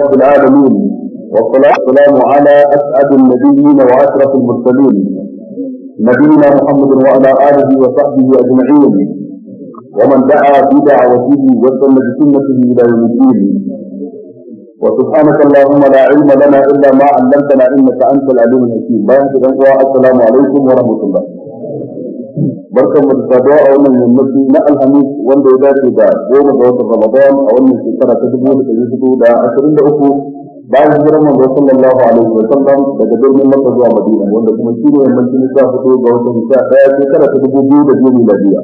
رب العالمين والصلاة والسلام على أسعد النبيين وأشرف المرسلين نبينا محمد وعلى آله وصحبه أجمعين ومن دعا بدعوته وسن بسنته إلى يوم الدين وسبحانك اللهم لا علم لنا إلا ما علمتنا إنك أنت العليم الحكيم السلام عليكم ورحمة الله barkan mu da saduwa a wannan yammaci na alhamis wanda ya dace da goma ga watan ramadan a wannan shekara ta dubu da ɗari hudu da ashirin da uku bayan hijirar manzo sallallahu alaihi wa sallam daga birnin makka zuwa madina wanda kuma shi ne yammaci na sha hudu ga watan sha ɗaya shekara ta dubu biyu da biyu miladiya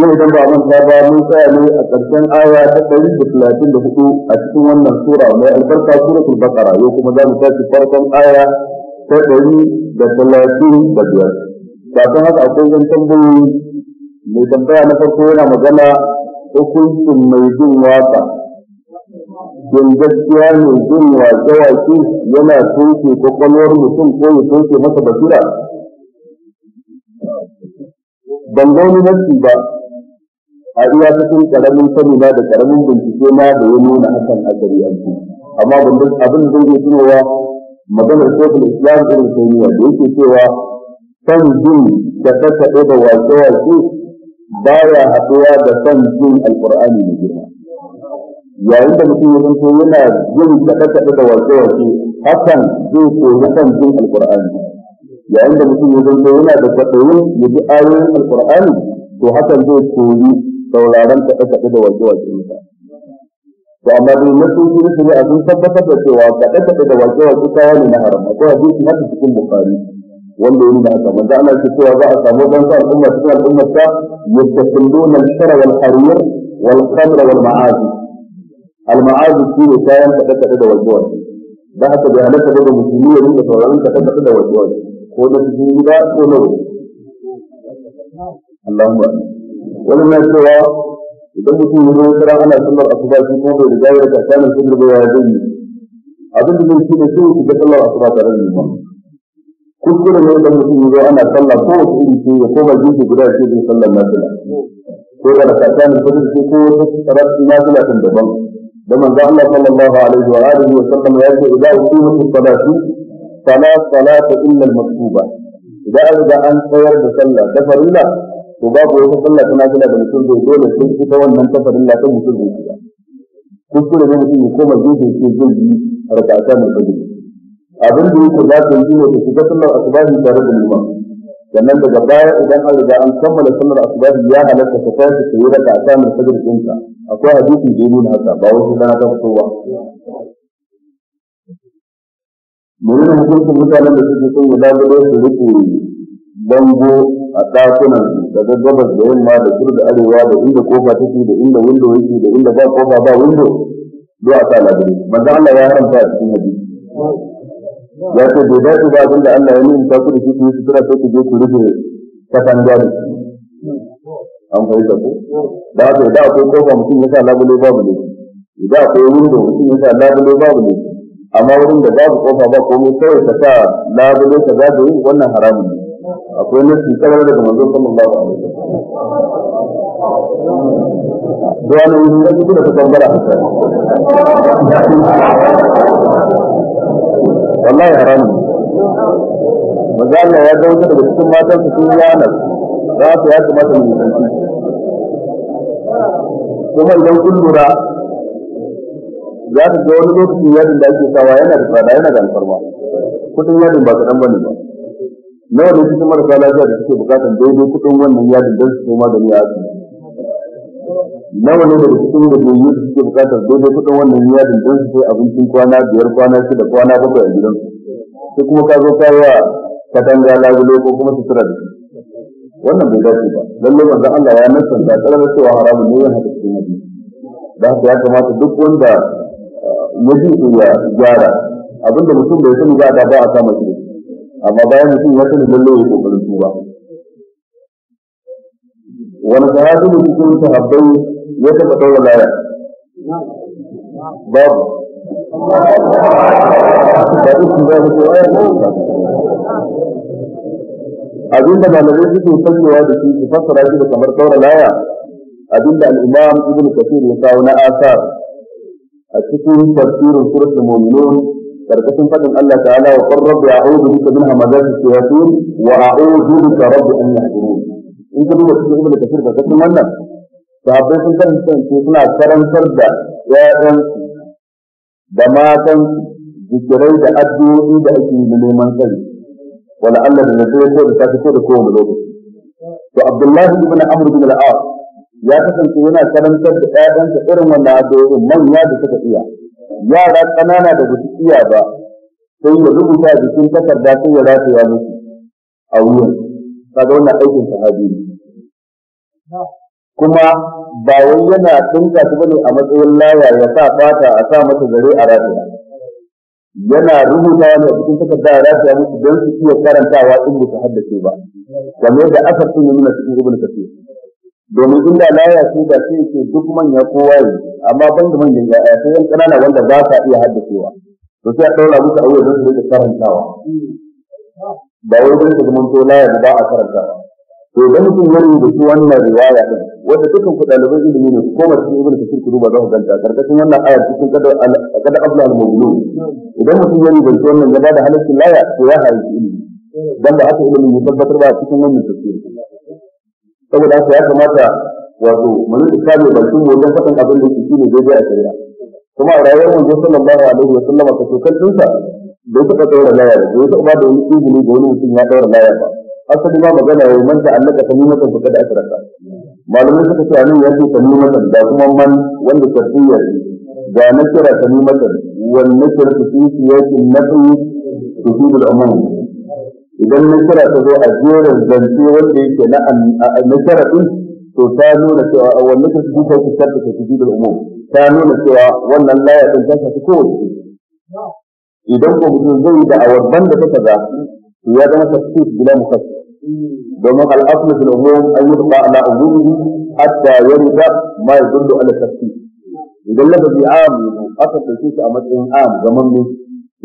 yau idan ba manta ba mun tsaya ne a ƙarshen aya ta ɗari da talatin da hudu a cikin wannan sura mai albarka suratul baqara yau kuma za mu tashi farkon aya ta ɗari da talatin da biyar ba don haka akwai zan tambayi mai tambaya na farko yana magana hukuncin mai jin waka jin gaskiya mai jin wake wake yana tunke kwakwalwar mutum ko ya tunke masa basira ban gauni nasi ba a iya cikin karamin sani na da karamin bincike na da ya nuna hakan a shari'anci amma abin da zai iya tunowa maganar shekul islam irin taimiyya da yake cewa san jin da ta kaɗe da waƙe-waƙe ba ya haɗuwa da san jin alƙur'ani mai girma yayin da mutum ya zanto yana jin kaɗe taɓa da waƙe-waƙe hakan zai koyi san jin alƙur'ani yayin da mutum ya zanto yana da kwaɗayin ya ji ayoyin alƙur'ani to hakan zai koyi sauraron taɓa taɓa da waƙe-waƙe mutane to amma dai nasoshi na shari'a sun tabbatar da cewa kaɗe-kaɗe da waƙe-waƙe kaya ne na haram akwai hadisi haka cikin bukari wanda yin da haka manzo Allah ya cewa za a samu dan sa al'umma cikin al'umma ta yattasalluna al-shara wal harir wal qamra wal ma'azi al ma'azi shi ne kayan kada kada da wajewa da haka bai halatta daga musulmi ya rinka sauraron kada kada da wajewa ko da cikin gida ko na waje Allahumma wani na cewa idan mutum ya zo kira ana sallar asuba shi kuma bai riga ya ta kana sallar bai ya zai abin da zai shi ne sai ku ga sallar asuba tare da liman kuskure ne da mutum ya ana sallah ko wasu iri ce ya koma jinsi guda ce zai sallar nafila ko da rakata ne ko zai ko wasu sarrafi nafila kan daban da manzo Allah sallallahu alaihi wa alihi wa sallam ya ce idan uqimat as-salatu fala salata illa al-maktuba idan an ga an tsayar da sallah da farilla to babu wata sallah ta nafila da mutum zai dole sai ita wannan ta farilla ta mutum zai shiga kuskure ne mutum ya koma jinsi ce zai yi rakata ne ko zai abin da yake za ka yi wata shiga sallar asubahi tare da liman sannan daga baya idan an riga an kammala sallar asubahi ya halatta ta tashi ta yi ka a ɗinka akwai hadisin da ya nuna haka ba wasu dana ta fito ba yi hukuncin mutanen da suke son guda guda su rike bango a ɗakunan daga gabas da yamma da kudu da arewa da inda kofa take da inda windo yake da inda ba kofa ba windo duk a sa labari manzo Allah ya haramta a cikin hadisi ya ce bai dace ba abin da Allah ya nuna ta ku da shi ku sutura sai ku je ku rufe katanga da shi an fahimta ko da haka da akwai kofa mutum ya sa labule babu ne akwai windo mutum ya sa labule babu ne amma wurin da babu kofa ba komai kawai ka sa labule ka za yi wannan haramun ne akwai nufin tsarar daga manzon sallallahu alaihi wasallam da wani wuri da kuka tambara haka wallahi haram maza Allah ya zauka daga cikin matan su sun yana za su ya kuma ta yi kuma idan kun lura za ta ga wani lokacin yadin da ake sawa yana da tsada yana da alfarma kudin yadin ba kaɗan bane ba nawa da cikin marasa lafiya da suke bukatan daidai kudin wannan yadin don su koma da a asibiti nawa ne daga cikin da ke yi suke bukatar daidai kudin wannan ya don su sai abincin kwana biyar kwana da kwana bakwai a gidan? sai kuma ka zo kawo katanga lagulo ko kuma su sutura da wannan bai dace ba lallai manzon Allah ya da karar cewa haramun ne yana da cikin hadisi da haka ya kamata duk wanda eh, ya ji su ya gyara abinda mutum bai sani ba da ba a kama shi amma bayan mutum ya sani lallai ya kokarin tuba wani sahabi ne cikin sahabbai ya taɓa ɗaura laya babu ba duk su zama ko aya abinda malamai suke sanyewa da shi su fassara shi da kamar ɗaura laya abinda al'imam ibn kafir ya kawo na asar a cikin tafsirin suratul mu'minun karkashin fadin Allah ta'ala wa qur rabbi a'udhu bika min hamazati shayatin wa a'udhu bika rabbi an yahdurun in ka duba cikin ibn kafir karkashin wannan sahabbai sun karanta suna karantar da yaran da matan da addu'o'i da ake yi neman tsari wala Allah da zai ko da ta da kowane lokaci to Abdullahi ibn Amr ibn al-As ya kasance yana karantar da ƴaƴansa irin wannan addu'o'i manya da suka iya yara ƙanana da basu iya ba sai ya rubuta jikin takarda sai ya ya musu a wuyan kaga wannan aikin sahabi ne kuma ba wai yana dinka su bane a matsayin laya ya sa fata a sa mata zare a rafiya yana rubuta wani a cikin takarda a rafiya musu don su iya karantawa in ba su haddace ba game da asar sun yi nuna cikin rubuta kafir domin inda laya ce da su ke duk manya kowa waye, amma ban da manyan ya'ya sai yan kanana wanda ba sa iya haddacewa to sai a ɗaura musu a wuya don su rike karantawa ba wai don su zama to laya da ba a karantawa to da mutum ya rubuta shi wannan riwaya din wanda dukkan ku dalibai ilimi ne ko ma cikin ibnu kasir ku duba za ku ganta karkashin wannan ayar cikin kada kada abla al mawlud idan mutum ya rubuta wannan gaba da halaccin laya to ya hayi ilimi dan da haka ilimi ya tabbatar ba cikin wannan tafsir saboda haka ya kamata wato mun islami bakin mu wajen faɗin abin da yake shine daidai a shari'a kuma a rayuwar manzo sallallahu alaihi wa sallam ka tokan dinsa bai taɓa ɗaura laya ba bai taɓa ba da wani izini da wani mutum ya ɗaura laya ba asali ma magana ya man ta allaka ta mimata ba kada asraka malamai suka ce anan yanzu ta mimata da kuma man wanda tarbiya ce ga na kira ta mimata wanne kira ta fi siyasin nafi su fi da umum idan na kira ta zo a jerin zance wanda yake na na kira din to ta nuna cewa a wanne ta fi siyasin nafi su fi da umum ta nuna cewa wannan laya din ta shafi kowace idan ko mutum zai da awar banda ta kaza ya zama tafsir bila mufassir domin al'aslu fil umum an yutba ala umumihi hatta yarda ma yadullu ala tafsir idan lafazi am aka dauke shi a matsayin am zaman ne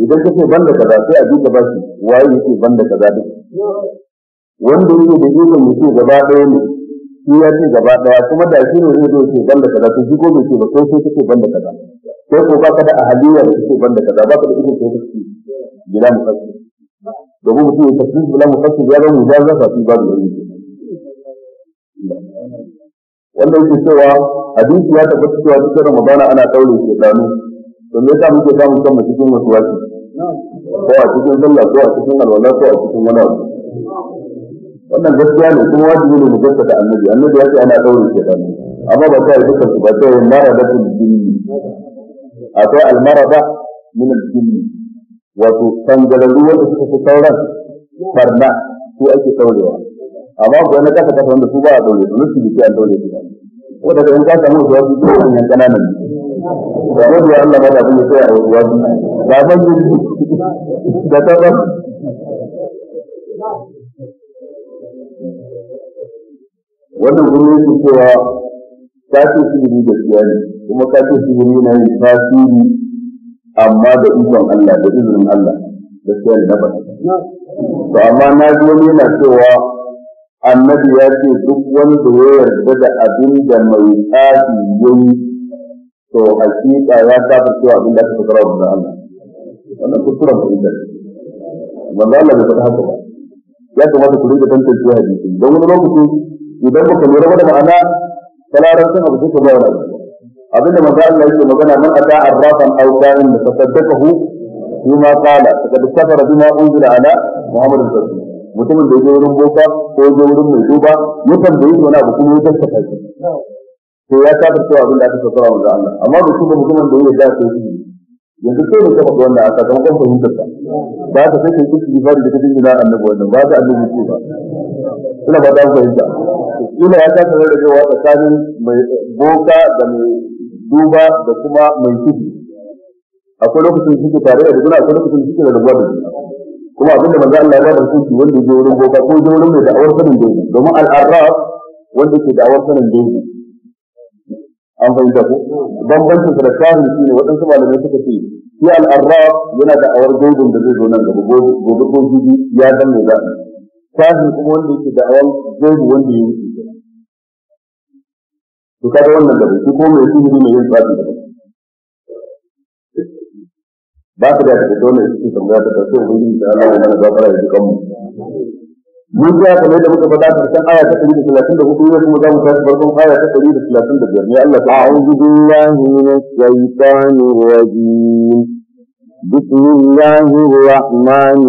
idan kace banda kaza sai a duka bashi waye yake banda kaza din wanda yake da ikon yake gaba ɗaya ne shi ya ce gaba ɗaya kuma da shi ne zai zo ce banda kaza to shi ko bai ce ba sai sai kace banda kaza sai ko ba ka da ahaliya da kace banda kaza ka da ikon kai kace gida mu kace domin mutum ya tafi bila mufassir ya zama mujaza ka fi babu yanzu. wannan yake cewa hadisi ya tabbata cewa cikin ramadana ana daure shedanu to me yasa muke samun kanmu cikin wasu wasi ko a cikin sallah ko a cikin alwala ko a cikin wani abu wannan gaskiya ne kuma wajibi ne mu gaskata annabi annabi ya ce ana daure shedanu amma ba sai dukkan su ba sai maradatul jinni akwai almarada min al-jinni wato kangararru wanda suka fi sauran barna su ake saurewa amma ko na kasa kasa wanda su ba a daure su su biki a daure su wanda da in ka samu zuwa su su ne yan kananan da ya Allah ba da abin da sai a wasu wasu ba ban da ta ba wannan gurin su cewa ta ce su ne gaskiya ne kuma ka ce su ne na yin tasiri amma da ikon Allah da izinin Allah gaskiya da na to amma na ji wani yana cewa annabi ya ce duk wanda ya yarda da abin da mai tsafi yayi to hakika ya tafi cewa abin da aka fara da Allah wannan kuskuren fahimta wanda Allah bai faɗa haka ba ya kamata ku rika tantance hadisi don wani lokaci idan baka lura da ma'ana kalarancin abu sai ka ba wani abu abinda manzo Allah yake magana man ata arrafan aw qarin da tasaddaqahu bima qala faqad kafara bima unzila ala muhammad rasul mutumin da ya je wurin boka ko ya je wurin mai duba ya tambayi shi wani abu kuma ya tattaka shi to ya kafir cewa abin da aka saukara manzo Allah amma da kuma mutumin da ya da sai shi yanzu sai ne kafa wanda aka kan kan fahimtar ta ba ta sai kai kuki ba da kake jira annabi wannan ba ta annabi ko ba ina ba ta fahimta ina ya kafir da cewa tsakanin mai boka da mai duba da kuma mai ciki akwai lokacin da suke tare da juna akwai lokacin da suke da rabuwa da juna kuma abin da manzo Allah ya bada hukunci wanda ya wurin boka ko je wurin mai da'awar sanin dai domin al-arraf wanda ke da'awar sanin dai an fahimta ko bambancin da tsarin ne waɗansu malamai suka ce shi al-arraf yana da'awar gaibin da zai zo nan gaba gobe ko jibi ya dan mai zaɓi tsarin kuma wanda yake da'awar gaibi wanda ya yi. to kaga wannan da ko mai sihiri mai yin tsafi da ba su da ta dole su tambaya ta kaso ubangiji da Allah ya mana gafara da mu mun ga kamar da muka faɗa karshen aya ta 134 yau kuma za mu tashi farkon aya ta 135 ne Allah ta a'udhu billahi minash shaitanir rajim بسم الله الرحمن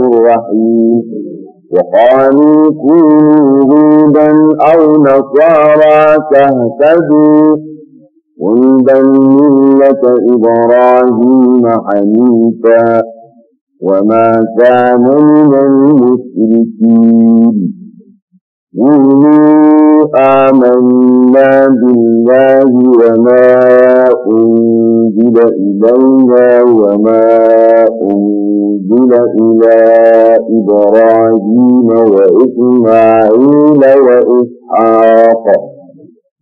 وقالوا كونوا هودا أو نصارى تهتدوا قل بل ملة إبراهيم حنيفا وما كان من المشركين قولوا آمنا بالله وما أنزل إلينا وما أنزل إلى إبراهيم وإسماعيل وإسحاق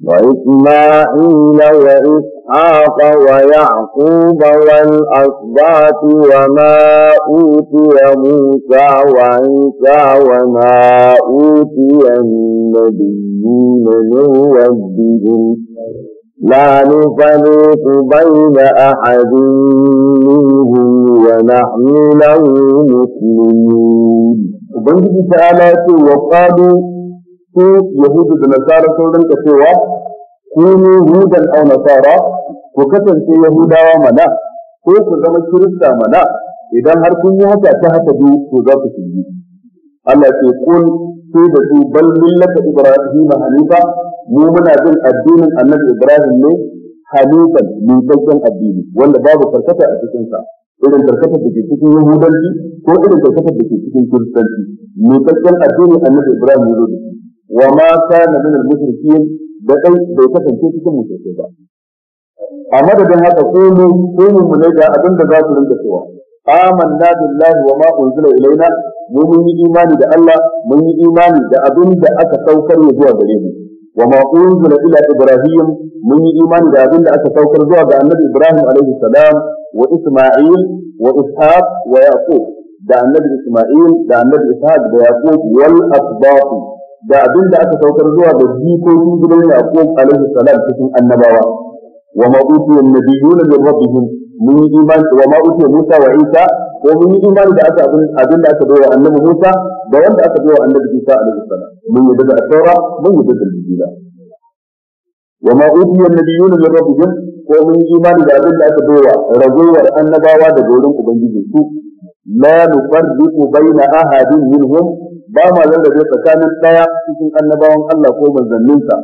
وإسماعيل وإسحاق وإسحاق ويعقوب والأسباط وما أوتي موسى وعيسى وما أوتي النبيون من ربهم لا نفرق بين أحد منهم ونحن له مسلمون وبنجد تعالى وقالوا يهود النصارى سورة كثيرة kunu hudan aw nasara ku kasance yahudawa mana ko ku zama kirista mana idan har kun yi haka ta haka biyu to za ku shirye Allah ce kun sai da su bal millata ibrahim hanifa mu muna bin addinin annabi ibrahim ne hanifan mutakken addini wanda babu karkata a cikin sa irin karkata da ke cikin yahudanci ko irin karkata da ke cikin kiristanci mutakken addini annabi ibrahim ne zo da shi wa ma kana min al-mushrikin da kai bai kasance cikin mutunce ba a madadin haka komai mu ne ga abin da za su rinka cewa amanna billahi wa ma unzila ilaina mu mun yi imani da Allah mun yi imani da abin da aka saukar ya zuwa gare mu wa ma unzila ila ibrahim mun yi imani da abin da aka saukar zuwa ga annabi ibrahim alaihi salam wa isma'il wa ishaq wa yaqub da annabi isma'il da annabi ishaq da yaqub wal asbaq da abin da aka saukar zuwa da jikokin gidan yaqub alaihi salam cikin annabawa wa ma utiya an-nabiyyuna min rabbihim mun yi imani wa ma utiya musa wa isa ko mun yi imani da aka abin da aka bayar annabi musa da wanda aka bayar annabi isa alaihi salam mun yi da at-taura mun yi da injila wa ma utiya an-nabiyyuna min rabbihim ko mun yi imani da abin da aka bayar ragowar annabawa da gurin ubangiji su la nufarriqu bayna ahadin minhum ba ma rarrabe tsakanin ɗaya cikin annabawan Allah ko manzanninsa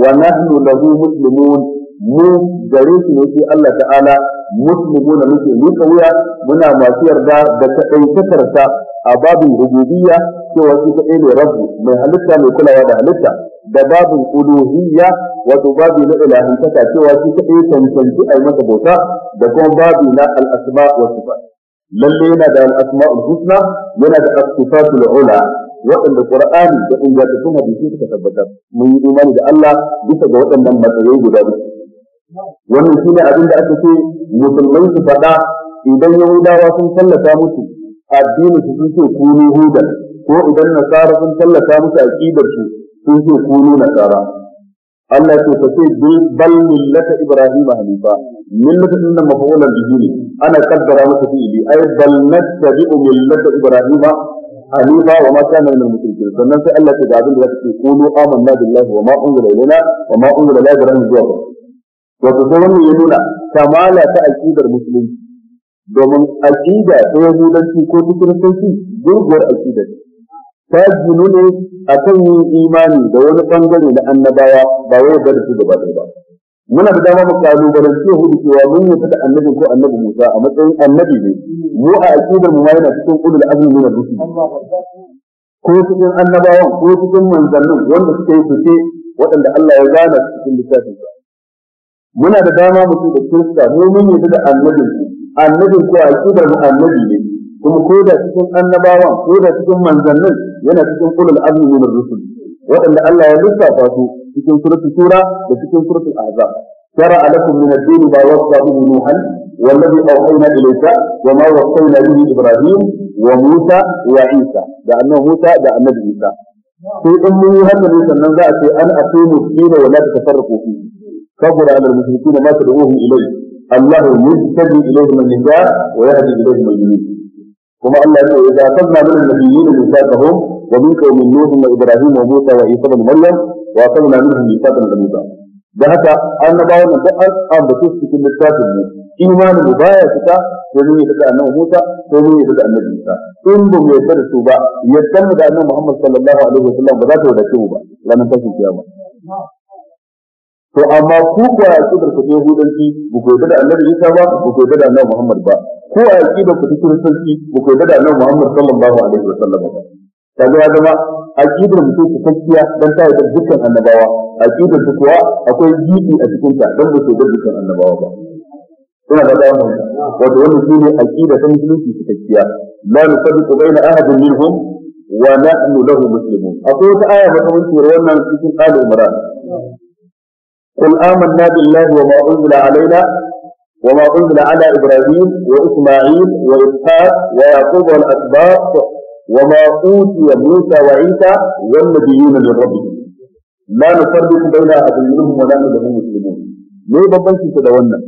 wa nahnu lahu muslimun mu gare shi ne ke Allah ta'ala muslimuna muke miƙa wuya muna masu yarda da sa a babin rububiyya cewa shi ne rabu mai halitta mai kulawa da halitta da babin uluhiyya wato babu na ilahantaka cewa shi kaɗai cancanci a masa bauta da kuma babu na asma wa sifat lalle yana da al husna yana da as-sifatul ula waɗanda Al-ƙur'ani da ingantattun hadisi suka tabbatar mun yi imani da Allah bisa ga waɗannan matsayi guda biyu wannan shine abin da aka ce musulmai su faɗa idan Yahudawa sun tallata musu addinin su sun ce kunu hudan ko idan nasara sun tallata musu aqidar su sun ce kunu nasara Allah ya ce ka ce bal millata ibrahima hanifa millata inna mafulan bihi ana kaddara masa fi'ili Ai bal nattabi'u millata ibrahima halifa wa ma kana min al sannan sai Allah ya ga da zaka ce qulu amanna billahi wa wa ma unzila ila ibrahim zuwa ga wato ya nuna kamala ta aqidar musulunci domin aqida ta yahudanci ko ta kiristanci gurguwar aqida ta ginu ne akan yin imani da wani bangare na annabawa ba wai da su gaba ɗaya ba muna da dama mu kalubalen ce hudu cewa mun yi da annabi ko annabi Musa a matsayin annabi ne mu a aqidar mu ma yana cikin ulul azmi min ar-rusul ko cikin annabawan ko cikin manzannin wanda suke yi fice wadanda Allah ya gana cikin littafin sa muna da dama mu da Kirista mu mun yi da annabi annabin ko aqidar mu annabi ne kuma ko da cikin annabawan ko da cikin manzannin yana cikin ulul azmi min ar-rusul waɗanda Allah ya lissafa su cikin suratul sura da cikin suratul ahzab شرع لكم من الدين ما وصى به نوحا والذي اوحينا اليك وما وصينا به ابراهيم وموسى وعيسى لانه موسى لان عيسى في ام هذا sannan za a ce an aqimu الدين ولا تتفرقوا فيه كبر على المشركين ما تدعوهم اليه الله يجتبي اليه من يشاء ويهدي اليه من يريد كما الله يقول إذا أخذنا من النبيين ميثاقهم ومنك ومن نوح وإبراهيم وموسى وعيسى بن مريم wa sabna minhum mithaqan ghalidha da Da haka annabawa nan da an ambace su cikin littafin mu imanin mu baya fita ko mun fita annabi Musa ko mun fita annabi Isa in ba mu yadda da su ba yadda mu da annabi Muhammad sallallahu alaihi wasallam ba za ta wadace mu ba ranar tashin kiyama to amma ku ko a kidar ku yahudanci ku ko da annabi Isa ba ku ko da annabi Muhammad ba ko a kidar ku kiristanci ku ko da annabi Muhammad sallallahu alaihi wasallam ba kaga ya zama aqidar mutum ta cikakkiya dan ta yarda dukkan annabawa aqidar ta kuwa akwai gidi a cikin ta dan ba su yarda dukkan annabawa ba ina da dawo wato wannan shine aqida ta musulunci cikakkiya la nusabiqu baina ahadin minhum wa nahnu lahu muslimun akwai ta aya ba kamar sura wannan cikin Ali Imran قل آمنا بالله وما أنزل علينا وما أنزل على إبراهيم وإسماعيل وإسحاق ويعقوب والأسباط وما أوتي موسى وعيسى والنبيون من ربهم لا نفرق بين أحد منهم ولا نحن مسلمون me bambancin su da wannan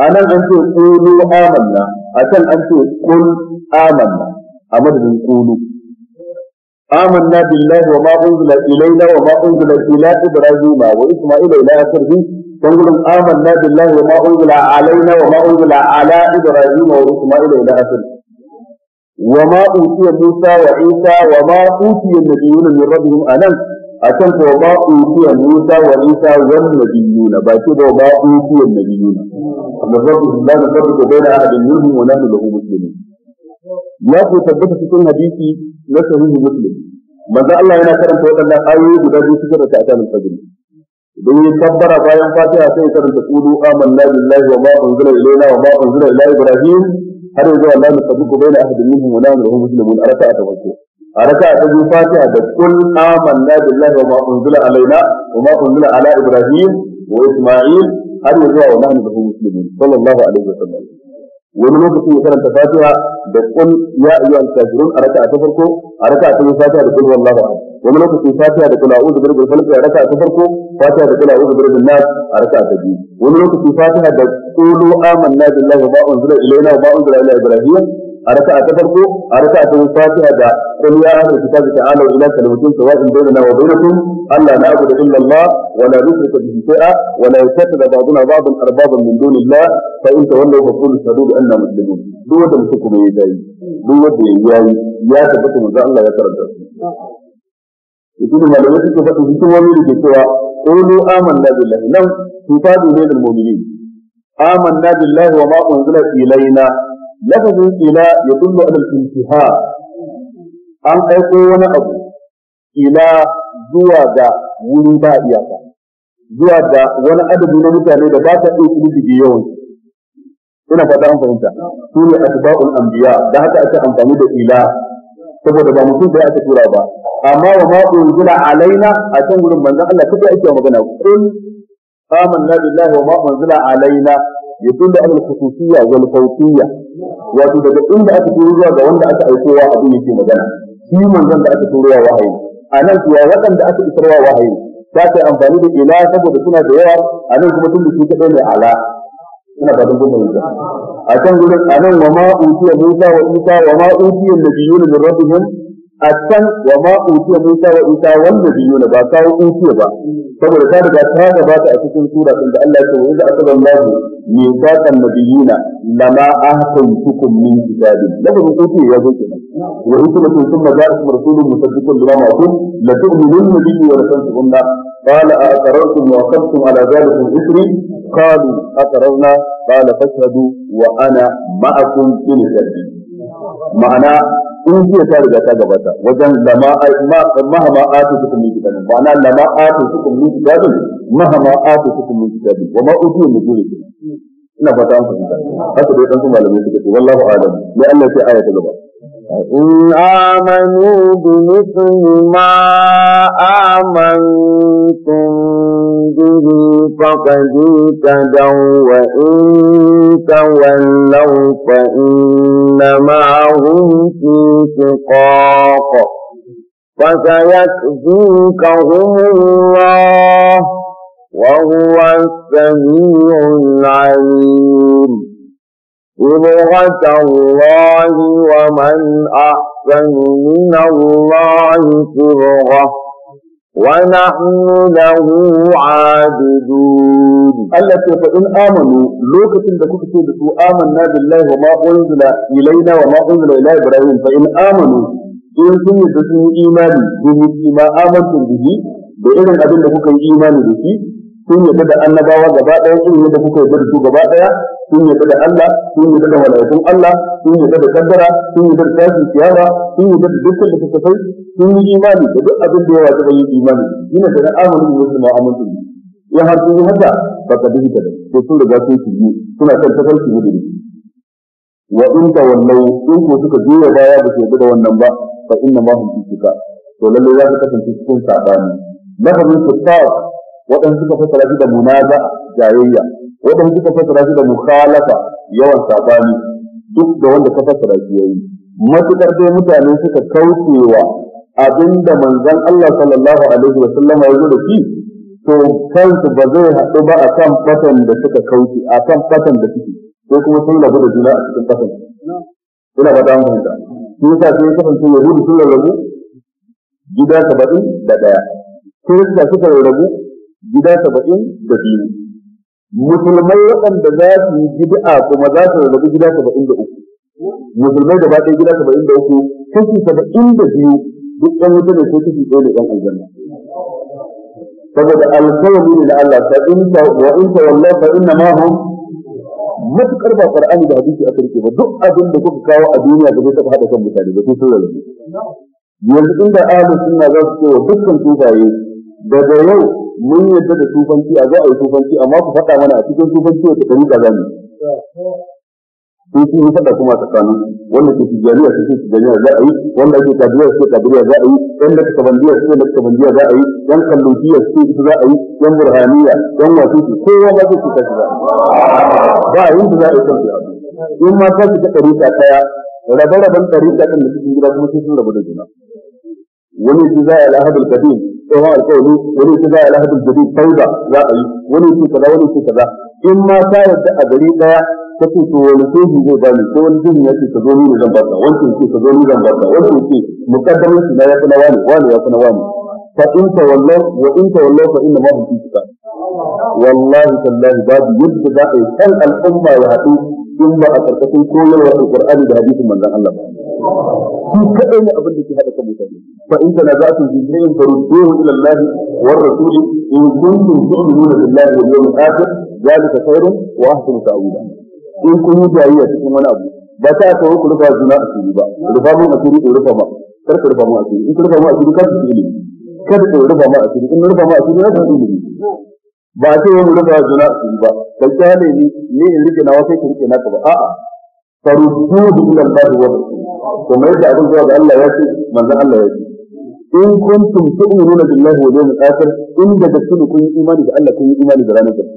anan an ce qulu amanna akan an ce qul amanna a madadin qulu amanna billahi wa ma unzila ilayna wa ma unzila ila ibrahima wa isma'ila ila akhirih tangurin amanna billahi wa ma alaina wa ma ala ibrahima wa ila وما أوتي موسى وعيسى وما أوتي النبيون من ربهم أنا أتم وما أوتي موسى وعيسى والنبيون باكد وما أوتي النبيون نفرق لا نفرق بين أحد منهم ونحن له مسلمون ya ku tabbata cikin hadisi na sahihi muslim manzo Allah yana karanta waɗannan ayoyi guda biyu cikin da ta'ata min fajr idan ya kabbara bayan fatiha sai karanta qulu amanna billahi wa ma wa ibrahim har yanzu Allah ne sabu ko bayyana ahadin minhum wa la yamruhu muslimun araka a farko araka ta biyu fatiha da kul amanna billahi wa ma unzila alaina wa ma unzila ala ibrahim wa isma'il har yanzu wa nahnu lahu muslimun sallallahu alaihi wa sallam wani lokacin ya karanta fatiha da kul ya ayyuhal kafirun araka ta farko araka ta biyu fatiha da kul wallahu ahad wani lokacin fatiha da kul a'udhu birabbil falaq araka ta farko fatiha da kula uku birnin nas a raka ta biyu wani fatiha da qulu amanna billahi wa ma unzila ilayna wa ma unzila ila ibrahim a raka ta a raka ta fatiha da qul ya ahlul kitabi ta'alu ila kalimatin sawa'in bainana wa bainakum alla na'budu illa allah wa la nushrika bihi shay'a wa la yattakhidha ba'duna ba'dan arbaban min dunillah fa in tawallaw fa qul ashhadu anna muslimun duk wanda mutum kuma ya ya Allah ya malamai suke faɗi hukumomi wani ke cewa qulu amanna billahi lam tufadu ne lil mu'minin amanna billahi wa ma unzila ilaina lafazin ila ya duba al-intiha an aiko wani abu ila zuwa ga wuri ba iyaka zuwa ga wani adadi na mutane da ba ta iya kididdige yawan ina fata fahimta su ne da haka ake amfani da ila saboda ba mutum da aka tura ba amma wa ma unzila alaina a can gurin manzon Allah kake ake magana kun amanna billahi wa ma unzila alaina yadun da al khususiyya wal fawqiyya wato daga inda aka tura zuwa ga wanda aka aikowa abin yake magana shi manzon da aka tura wa wahayi anan kuwa waɗanda aka isarwa wahayi ta kai amfani da ila saboda suna da yawa anan kuma tun da su kaɗai ne ala ina ba don gudun da a kan gudun a nan wa ma'utiya musa wa isa wa ma'utiya nabiyun min rabbihim a can wa ma'utiya musa wa isa wan nabiyun ba kawo utiya ba saboda ta daga ta gabata a cikin sura din da Allah ya ce wa idza akaba Allahu mithaqan nabiyina lama a ahsaytukum min kitabin lafazin utiya ya zo kenan wa hikmatu thumma ja'akum rasulun musaddiqun lima ma'akum la tu'minun nabiyyi wa la tansurunna قال أأقررتم وأخذتم على ذلك إثري قالوا أقررنا قال فاشهدوا وأنا معكم في الجنة معنى in jiya ta riga ta gabata wajen lama mahama atu sukum min kitabin ba na lama atu sukum min kitabin mahama atu sukum min kitabin wa ma utu min dole ina fata an fahimta haka dai dan su malamai suka ce wallahu alam ne Allah sai aya ta gaba فإن آمنوا بمثل ما آمنتم به فقد اهتدوا وإن تولوا فإنما هم في شقاق فسيكفيكهم الله وهو السميع العليم صبغة الله ومن أحسن من الله صبغة ونحن له عابدون الله فإن آمنوا لوكة تكون سيدة آمنا بالله وما أنزل إلينا وما أنزل إلى إبراهيم فإن آمنوا إن سنة إيماني بما آمنتم به بإذن أبن لكم إيماني به sun yadda da annabawa gaba ɗaya sun yadda kuka yadda da su gaba ɗaya sun yadda da Allah sun yadda da malaikun Allah sun yadda da kaddara sun yadda da tashin kiyama sun yadda da dukkan da suka sai sun yi imani da duk abin da ya waje bai yi imani yana da amanu da wasu ma'amantu ya har sun yi haka ba ka dubi da ko sun riga sun shi suna kan tafarki ne da wa in ta wallau in ko suka juya baya ba su yadda da wannan ba fa inna ma hum fi shika to lalle za su kasance cikin sabani lafazin kuffar waɗansu suka fassara shi da munaza jayayya waɗansu suka fassara shi da mukhalafa yawan sabani duk da wanda ka fassara shi yayi matukar dai mutane suka kaucewa abinda manzon Allah sallallahu alaihi wa sallam ya zo da shi to kansu ba zai haɗu ba a kan fatan da suka kauce a kan fatan da suke sai kuma sun rabu da juna a cikin fatan ina ba ta fahimta shi yasa sai kasance yahudu sun rabu gida saba'in da ɗaya kirista suka rabu gida saba'in da biyu musulmai waɗanda za su yi bid'a kuma za su rabu gida saba'in da uku musulmai da baɗin gida saba'in da uku kashi saba'in da biyu duk ɗan wuta ne ko kashi ɗaya da ɗan aljanna saboda alkawari ne na Allah ta in wa in ta wallahi fa inna ma hum matukar ba qur'ani da hadisi a karke ba duk abin da kuka kawo a duniya da zai taɓa haɗa kan mutane da sun sura yanzu inda ahlus sunna za su ce wa dukkan tufaye daga yau mun yadda da tufanci a za a yi tufanci amma ku faɗa mana a cikin tufanci wata ɗari za mu sun fi yi faɗa kuma tsakanin wanda ke tijjaniya su ce tijjaniya za a yi wanda ke kadiriya su ce kadiriya za a yi ɗan da kabandiya su ce da kabandiya za a yi ɗan kallotiya su ce za a yi ɗan burhaniya ɗan wasu su kowa ba zai cuta shi ba ba a yin da za a yi kan su in ma ta fita ɗariƙa ɗaya rabe-raben ɗariƙa ɗin da cikin gida kuma sai sun rabu da juna wani shi za a lahadul kadim tsohon alkawari wani shi za a lahadul jadid tauba za a yi wani shi kaza wani shi kaza in ma ta yadda a gari daya ta ce to wani soji zai bani ko wani jin ya ce ka zo ni zan baka wancan ce ka zo ni zan baka wancan ce mukaddamin shi na ya fi wani wani ya fi wani fa in ta wallau wa in ta wallau fa inna ma hum fi kitab wallahi tallahi babu yadda za a yi kan al'umma ya haɗu in ba a karkashin koyarwar alqur'ani da hadisin manzon Allah ba shi kaɗai ne abin da ke hada kan mutane fa in kana za su jibrin farudduhu ila Allah wa rasul in kuntum tu'minuna billahi wal yawmil akhir zalika khairun wa ahsanu ta'wila in kun yi cikin wani abu ba ta ka ku rufa zina a cikin ba rufa mun a cikin rufa ba kar ka rufa mun a cikin in ka rufa mun a cikin kar ka cikin kar ka rufa mun a cikin in rufa mun a cikin kar ka cikin ba a ce rufa juna a ba kai kyale ni ni in rike nawa kai ka rike ba a'a ila Allah wa rasul kuma yadda abin zuwa ga Allah ya ce manzon Allah ya ce in kuntum tu'minuna billahi wal yawmil akhir in da da kun kun imani da Allah kun yi imani da ranar ƙarshe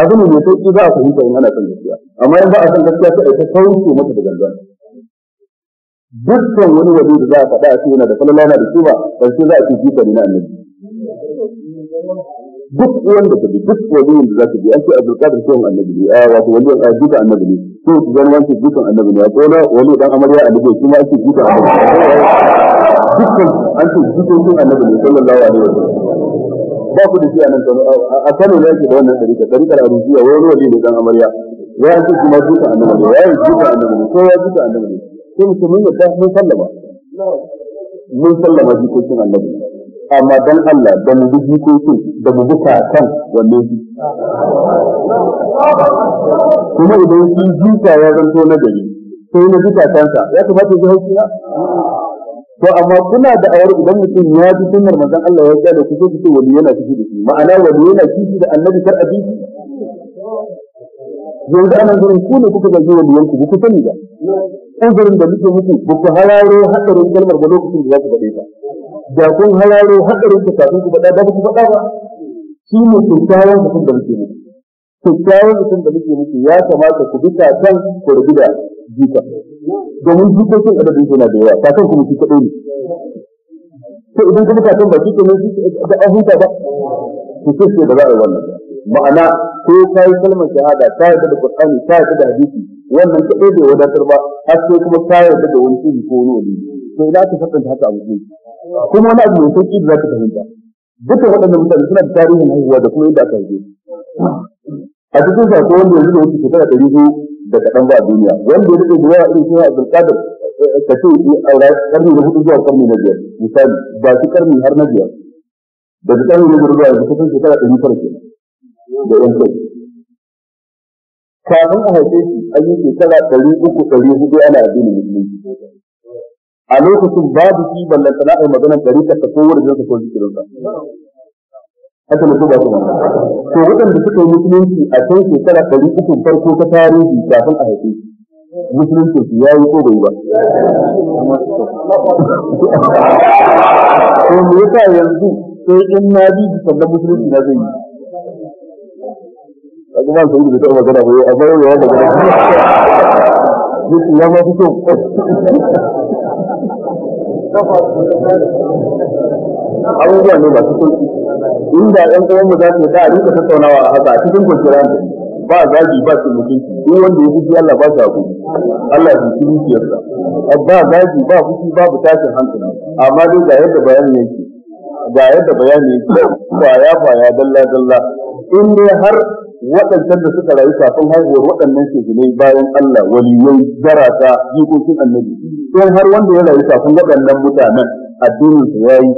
abin ne mai sauki ba a fahimta in ana son gaskiya amma in ba a son gaskiya sai ta kauce mata da gangan dukkan wani waje da za a faɗa a ce yana da falala na da shi ba ƙarshe za a ce jika ne na annabi duk wanda ka bi duk wani wanda za ka bi an ce abdulkadir sai annabi ne a wato wani a jika annabi ne sai su zama wancan jikan annabi ne akwai wani dan amarya a dubai ma ake jikan annabi dukkan an ce jikokin annabi ne sallallahu alaihi wasallam ba ku da shi a nan kano a kano ne yake da wannan dariƙa dariƙar arujiya wani wani ne dan amarya ya ce kuma jikan annabi ne ya yi jikan annabi ne kowa jikan annabi ne sai mutum mun yadda mun sallama mun sallama jikokin annabi ne amma dan Allah da mu bi kokin da mu buka kan wanne shi kuma idan shi jika ya zanto na gari sai na jika kansa ya kamata ji hauki na to amma kuna da ayar idan mutum ya ji sunnar manzon Allah ya ga da ku so wani yana kishi da shi ma'ana wani yana kishi da annabi kar abi yanzu anan gurin ku ne kuka wani yanku, ku ku sani ba uzurin da muke muku ba ku hararo hadarin kalmar ba lokacin da za ku faɗe ta da kun hararo hadarin ku kafin ku faɗa ba ku faɗa ba shi ne kyakkyawan mutum da muke muku kyakkyawan mutum da muke muku ya kamata ku bi kakan ku rubu da jika domin jikokin adadin suna da yawa kakan kuma shi kaɗai ne to idan kuma bi kakan ba shi kenan da an ba ku ce da za a yi wannan ma'ana ko ka yi kalmar shahada ta yi da Qur'ani ta yi da hadisi wannan kaɗai bai wadatar ba har sai kuma ta yarda da wani shi ko wani wani to idan aka faɗanta haka a mutum. kuma wani abu mai sauki da za ka fahimta duka waɗanda mutane suna da tarihin haihuwa da kuma yadda aka haife a cikin sa ko wanda yanzu da wuce shekara ɗari biyu da kaɗan ba a duniya wanda ya rike da yawa irin abin Abdulkadir ka ce aura ƙarni da hudu zuwa ƙarni na biyar misali ba shi ƙarni har na biyar da su ƙarni na biyar zuwa yanzu kusan shekara ɗari tara kenan da yan kai kafin a haife shi an yi shekara ɗari uku ɗari hudu ana addinin musulunci a lokacin babu shi ballan sana ai magana gari ta ko wurin da ko zikirin ba haka mutum ba kuma to waɗanda suka yi musulunci a can shekara ɗari uku farko ta tarihi kafin a haife musulunci su yayi ko bai ba to me yasa yanzu sai in na bi sannan musulunci na zai yi a kuma sun da ta magana ko a bayan ya magana ya ma fito abubuwa ne ba su sauki inda 'yan uwan mu za su ta rika tattaunawa a haka a cikin kwanciyar ba zagi ba su mutunci duk wanda ya fi Allah ba su hakuri Allah ya fushi zuciyarsa ba zagi ba fushi babu tashin hankali amma dai ga yadda bayani yake ga yadda bayani yake kwaya kwaya dalla dalla in dai har waɗancan da suka rayu kafin haihuwar waɗannan shehinai bayan Allah waliyai zarata jikokin annabi in har wanda ya rayu kafin waɗannan mutanen addinin su yayi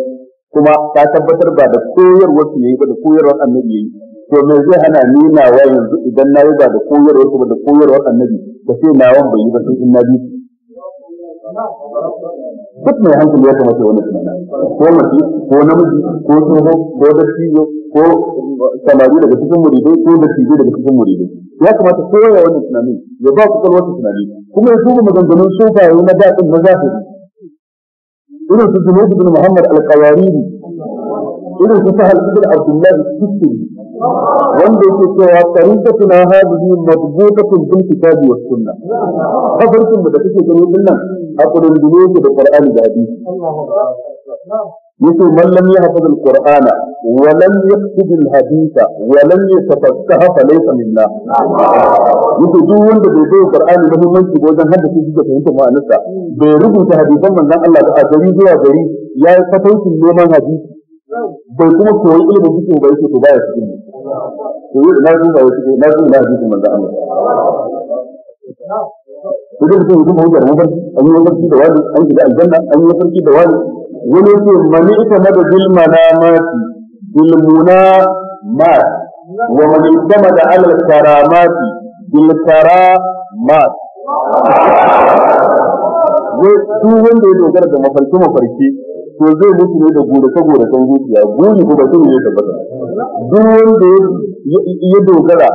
kuma ta tabbatar ba da koyarwar su yi ba da koyarwar annabi yi? to me zai hana ni nawa yanzu idan na yi ba da koyarwar su ba da koyarwar annabi da sai nawan bai yi ba sai in na bi duk mai hankali ya kamata wani tunanin ko mace ko namiji ko tsoho ko dattijo ko samari daga cikin muridai ko dattijo daga cikin muridai ya kamata ko ya wani tunani ya ba ku kalwar tunani kuma ya duba maganganun sofaye na daɗin na zahiri irin su Junaid bin Muhammad al irin su sahal ibn abdullah al wanda yake cewa tariqatu na hadhihi madbutatun bil kitabi was sunnah kafarkin mu da kake gani dinnan a kullun dole da qur'ani da hadisi يقول من لم يحفظ القرآن ولم يكتب الحديث ولم يتفقه فليس منا يقول دو wanda bai zo Qur'ani da muhimmanci ba wajen haddace shi da fahimtar ma'anarsa bai rubuta hadisan manzon Allah da gari zuwa gari ya yi fataucin neman hadisi bai kuma koyi ilimin fiqh ba yake to baya cikin ne to yau na duba ya cikin na duba ya cikin manzo Allah to duk sai kuma hujjar mun an yi mafarki da wani an shiga aljanna an yi mafarki da wani wani ce mani ita mada bil manamati bil ma wa man ittama da al karamati bil karamat wai duk wanda ya dogara da mafarki mafarki to zai mutu ne da gode saboda kan zuciya gode ko ba shi ne tabbata duk wanda ya dogara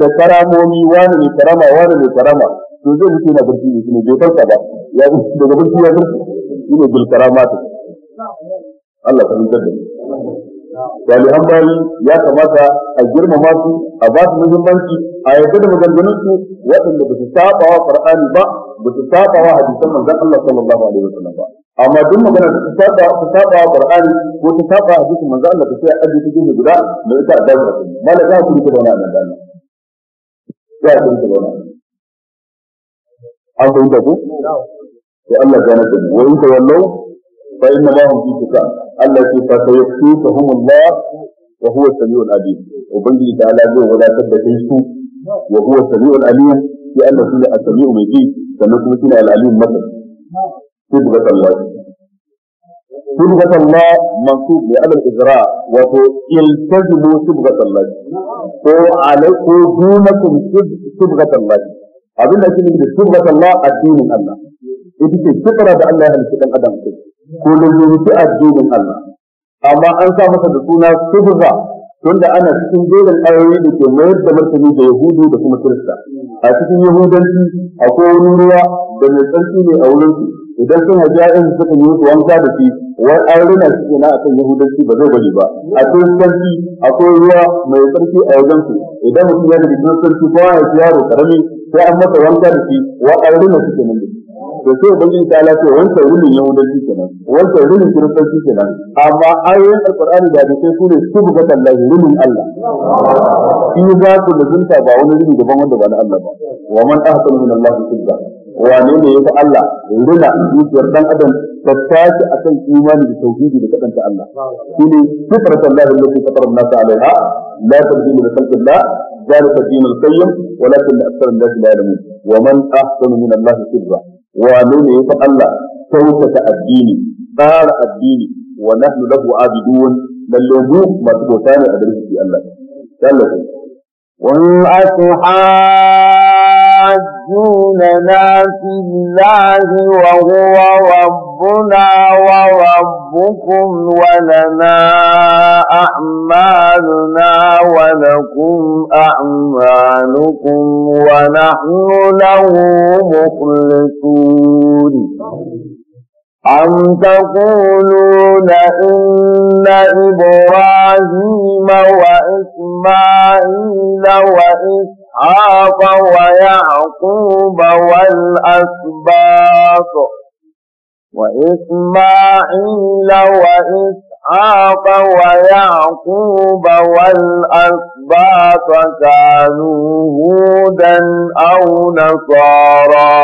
da karamomi wani ne karama wani ne karama to zai mutu na barci ne da bai farka ba ya daga barci ya ne shine karama ta Allah ka rinjar da ni Dalihan bayi ya kamata a girmama su, a ba su muhimmanci, a yadda da maganganun su waɗanda ba su saba wa Qur'ani ba, ba su saba wa hadisan manzon Allah sallallahu alaihi wasallam ba. amma duk magana da ta saba ta saba ko ta saba hadisin manzo Allah ta sai aje cikin guda da ita da ta mala za ku rubuta wannan Allah ya ku rubuta wannan an fahimta ku sai Allah ya nake mu wa inta wallau fa inna ma hum fi kitab Allah ke fa hum Allah wa huwa samiul alim ubangiji ta Allah zai wadatar da kai su wa huwa samiul alim sai Allah shi ne as-sami'u mai ji sannan kuma shi ne al-alim صبغة الله صبغة الله منصوب لأمر الإجراء وهو التزموا صبغة الله وعليكم دونكم صبغة الله abin da ake nufi da sunnat Allah addinin Allah ita ce fitra da Allah ya halitta dan adam kai ko lulluci addinin Allah amma an sa masa da suna subza tunda ana cikin jerin ayoyi da ke mayar da martani da yahudu da kuma kirista a cikin yahudanci akwai wani ruwa da mai tsarki ne a wurin su idan suna ja'in suka yi wanka da shi wai an rina su na a kan yahudanci ba zai bari ba akwai sarki akwai ruwa mai sarki a wajen su idan mutum yana da cikin sarki ko ya ci yaro karami sai an masa wanka da shi wai an rina su kenan da to sai yin ta lafi wancan rinin yahudanci kenan wancan rinin kiristanci kenan amma ayoyin alqur'ani da da sai su buga lahi rinin Allah in za ku lazunta ba wani rini gaban wanda ba na Allah ba wa man ahsanu min Allah subhanahu wane ne yafi Allah rina zuciyar dan adam ta tashi kan imani da tauhidi da kadanta Allah shine fitratu Allah allati fatara an-nas 'alayha la tabdila li khalqi Allah ذلك الدين القيم ولكن أكثر الناس لا يعلمون ومن أحسن من الله سرا ومن يتألى كوكة الدين قال الدين ونحن له عابدون للوجوه ما تبوتان أدريه في الله قال له وَمْ أَصْحَابُ يستعجلنا في الله وهو ربنا وربكم ولنا أعمالنا ولكم أعمالكم ونحن له مخلصون أم تقولون إن إبراهيم وإسماعيل وإسماعيل إسحاق ويعقوب والأسباط وإسماعيل وإسحاق ويعقوب والأسباط كانوا هودا أو نصارا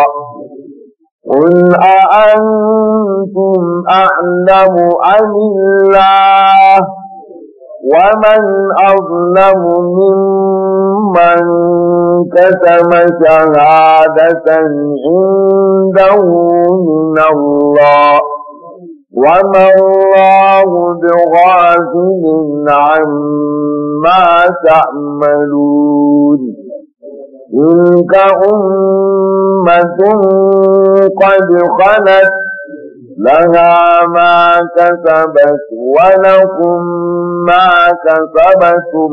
قل أأنتم أعلم أم الله ومن أظلم ممن كتم شهادة عنده من الله وما الله بغافل عما تعملون تلك أمة قد خلت لها ما كسبت ولكم ما كسبتم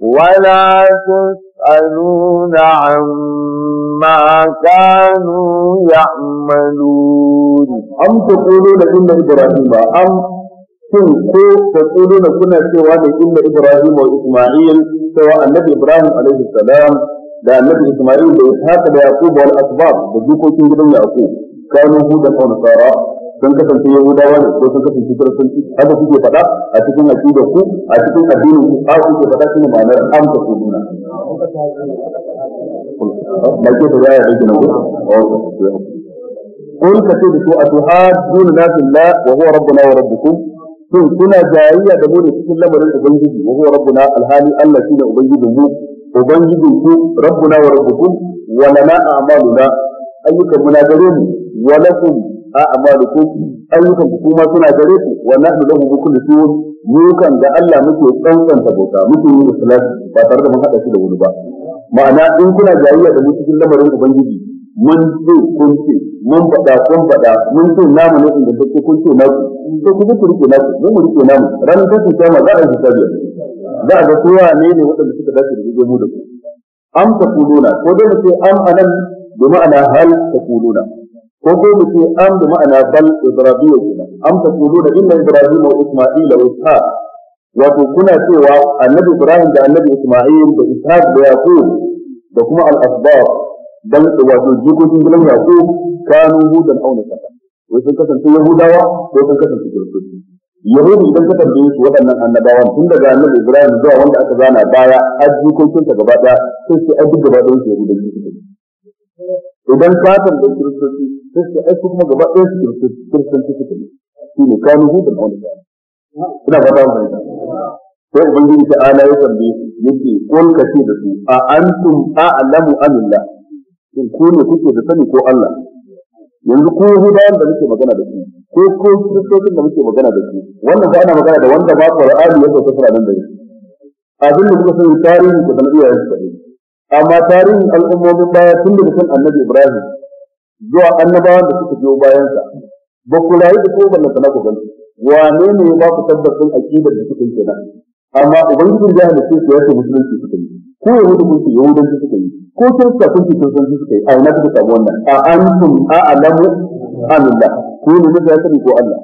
ولا تسألون عما كانوا يعملون أم تقولون إن إبراهيم أم shin ko ta tsoro da cewa da inda Ibrahim wa Isma'il cewa annabi Ibrahim alaihi da annabi Isma'il da haka da Yaqub wal asbab da dukokin gidan Yaqub kanu hudan aw nasara sun kasance yahudawa ne ko sun kasance kiristanci haka kuke faɗa a cikin aqidar ku a cikin addinin ku a kuke faɗa shi ne ma'anar amsa ku nuna ba ke da ya rage nan قل كتب سوء تحاجوننا في الله وهو ربنا وربكم Sun suna jayayya da mu ne cikin lamarin ubangiji wa huwa rabbuna alhali Allah shine ubangijin mu ubangijin ku rabbuna wa rabbukum wa lana a'maluna ayyukan mu na gare mu wa lakum a'malukum ayyukan ku ma suna gare ku wa nahnu lahu mukhlisun mu kan ga Allah muke tsantsan ta bauta muke yin salat ba tare da mun hada shi da wani ba ma'ana in kuna jayayya da mu cikin lamarin ubangiji mun ce kun ce mun faɗa kun faɗa mun ce namu ne ingantacce kun ce naku to ku ku rike naku mu mu rike namu ran da ku kama za a yi hisabi za a ga kowa ne ne waɗanda suka dace da zuwa mu ku am taquluna ko dai mu ce am anan bi ma'ana hal taquluna ko ko mu ce an bi ma'ana bal ibrahim kenan am ta kudu da inna ibrahim wa isma'ila wa ishaq wato kuna cewa annabi ibrahim da annabi isma'il da ishaq da yaqub da kuma al-asbab dan wato jikokin gidan yaqub kanu hudan auna nasara wai sun kasance yahudawa ko sun kasance kiristoci Yahudi idan ka tambaye su waɗannan annabawan tun daga annabi ibrahim zuwa wanda aka gana baya har ta gaba ɗaya sai sai an duk gaba ɗayan su yahudanci idan ka tambaye kiristoci sai su aiki kuma gaba ɗaya su kiristanci suka ne shi ne kanu hudun wani kanu ina fata mu fahimta sai ubangiji ta ala ya tambaye su yake kun kace da su a antum a'lamu amillah shin ku ne kuke da sani ko Allah yanzu ko hudayen da muke magana da su ko ko kiristocin da muke magana da su wannan ba ana magana da wanda ba qur'ani ya sauka sura nan da shi abin da kuka sani tarihi ku da iyayen su amma tarihin al'ummomin baya tun daga kan annabi ibrahim zuwa annabawan da suka biyo bayansa ba ku rayu da ko ballan na ku gani wane ne ya ba ku tabbacin aqidar da kuke kenan amma ubangijin da halitta cikin ya ce musulunci suka yi ko yahudu kun ce yahudanci suka yi ko kirista kun ce kiristanci suka yi a ina kuka samu wannan a antum a alamu amillah ku ne ne da ya sani ko Allah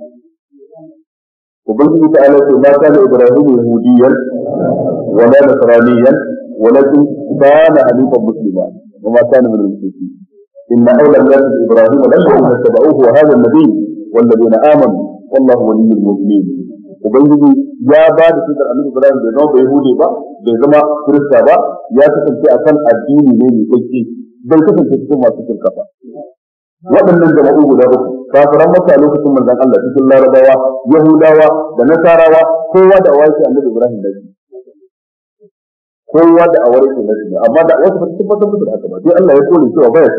ubangiji ta ala ce ma kana ibrahim yahudiyan wala nasraniyan walakin kana hanifan muslima kuma كان من musulunci إن أولى الناس إبراهيم الأشهر اتبعوه وهذا النبي والذين آمنوا والله ولي المؤمنين ubangiji ya ba da cutar Aminu ibrahim bai zama bai hude ba bai zama kirista ba ya kasance a kan addini ne mai tsaki bai kasance cikin masu kirka ba waɗannan jama'u guda uku kafiran maka a lokacin manzan Allah cikin larabawa yahudawa da nasarawa kowa da awaki Aminu ibrahim da shi kowa da awar yake na shiga amma da wasu ta tabbatar musu da haka ba sai Allah ya kore cewa baya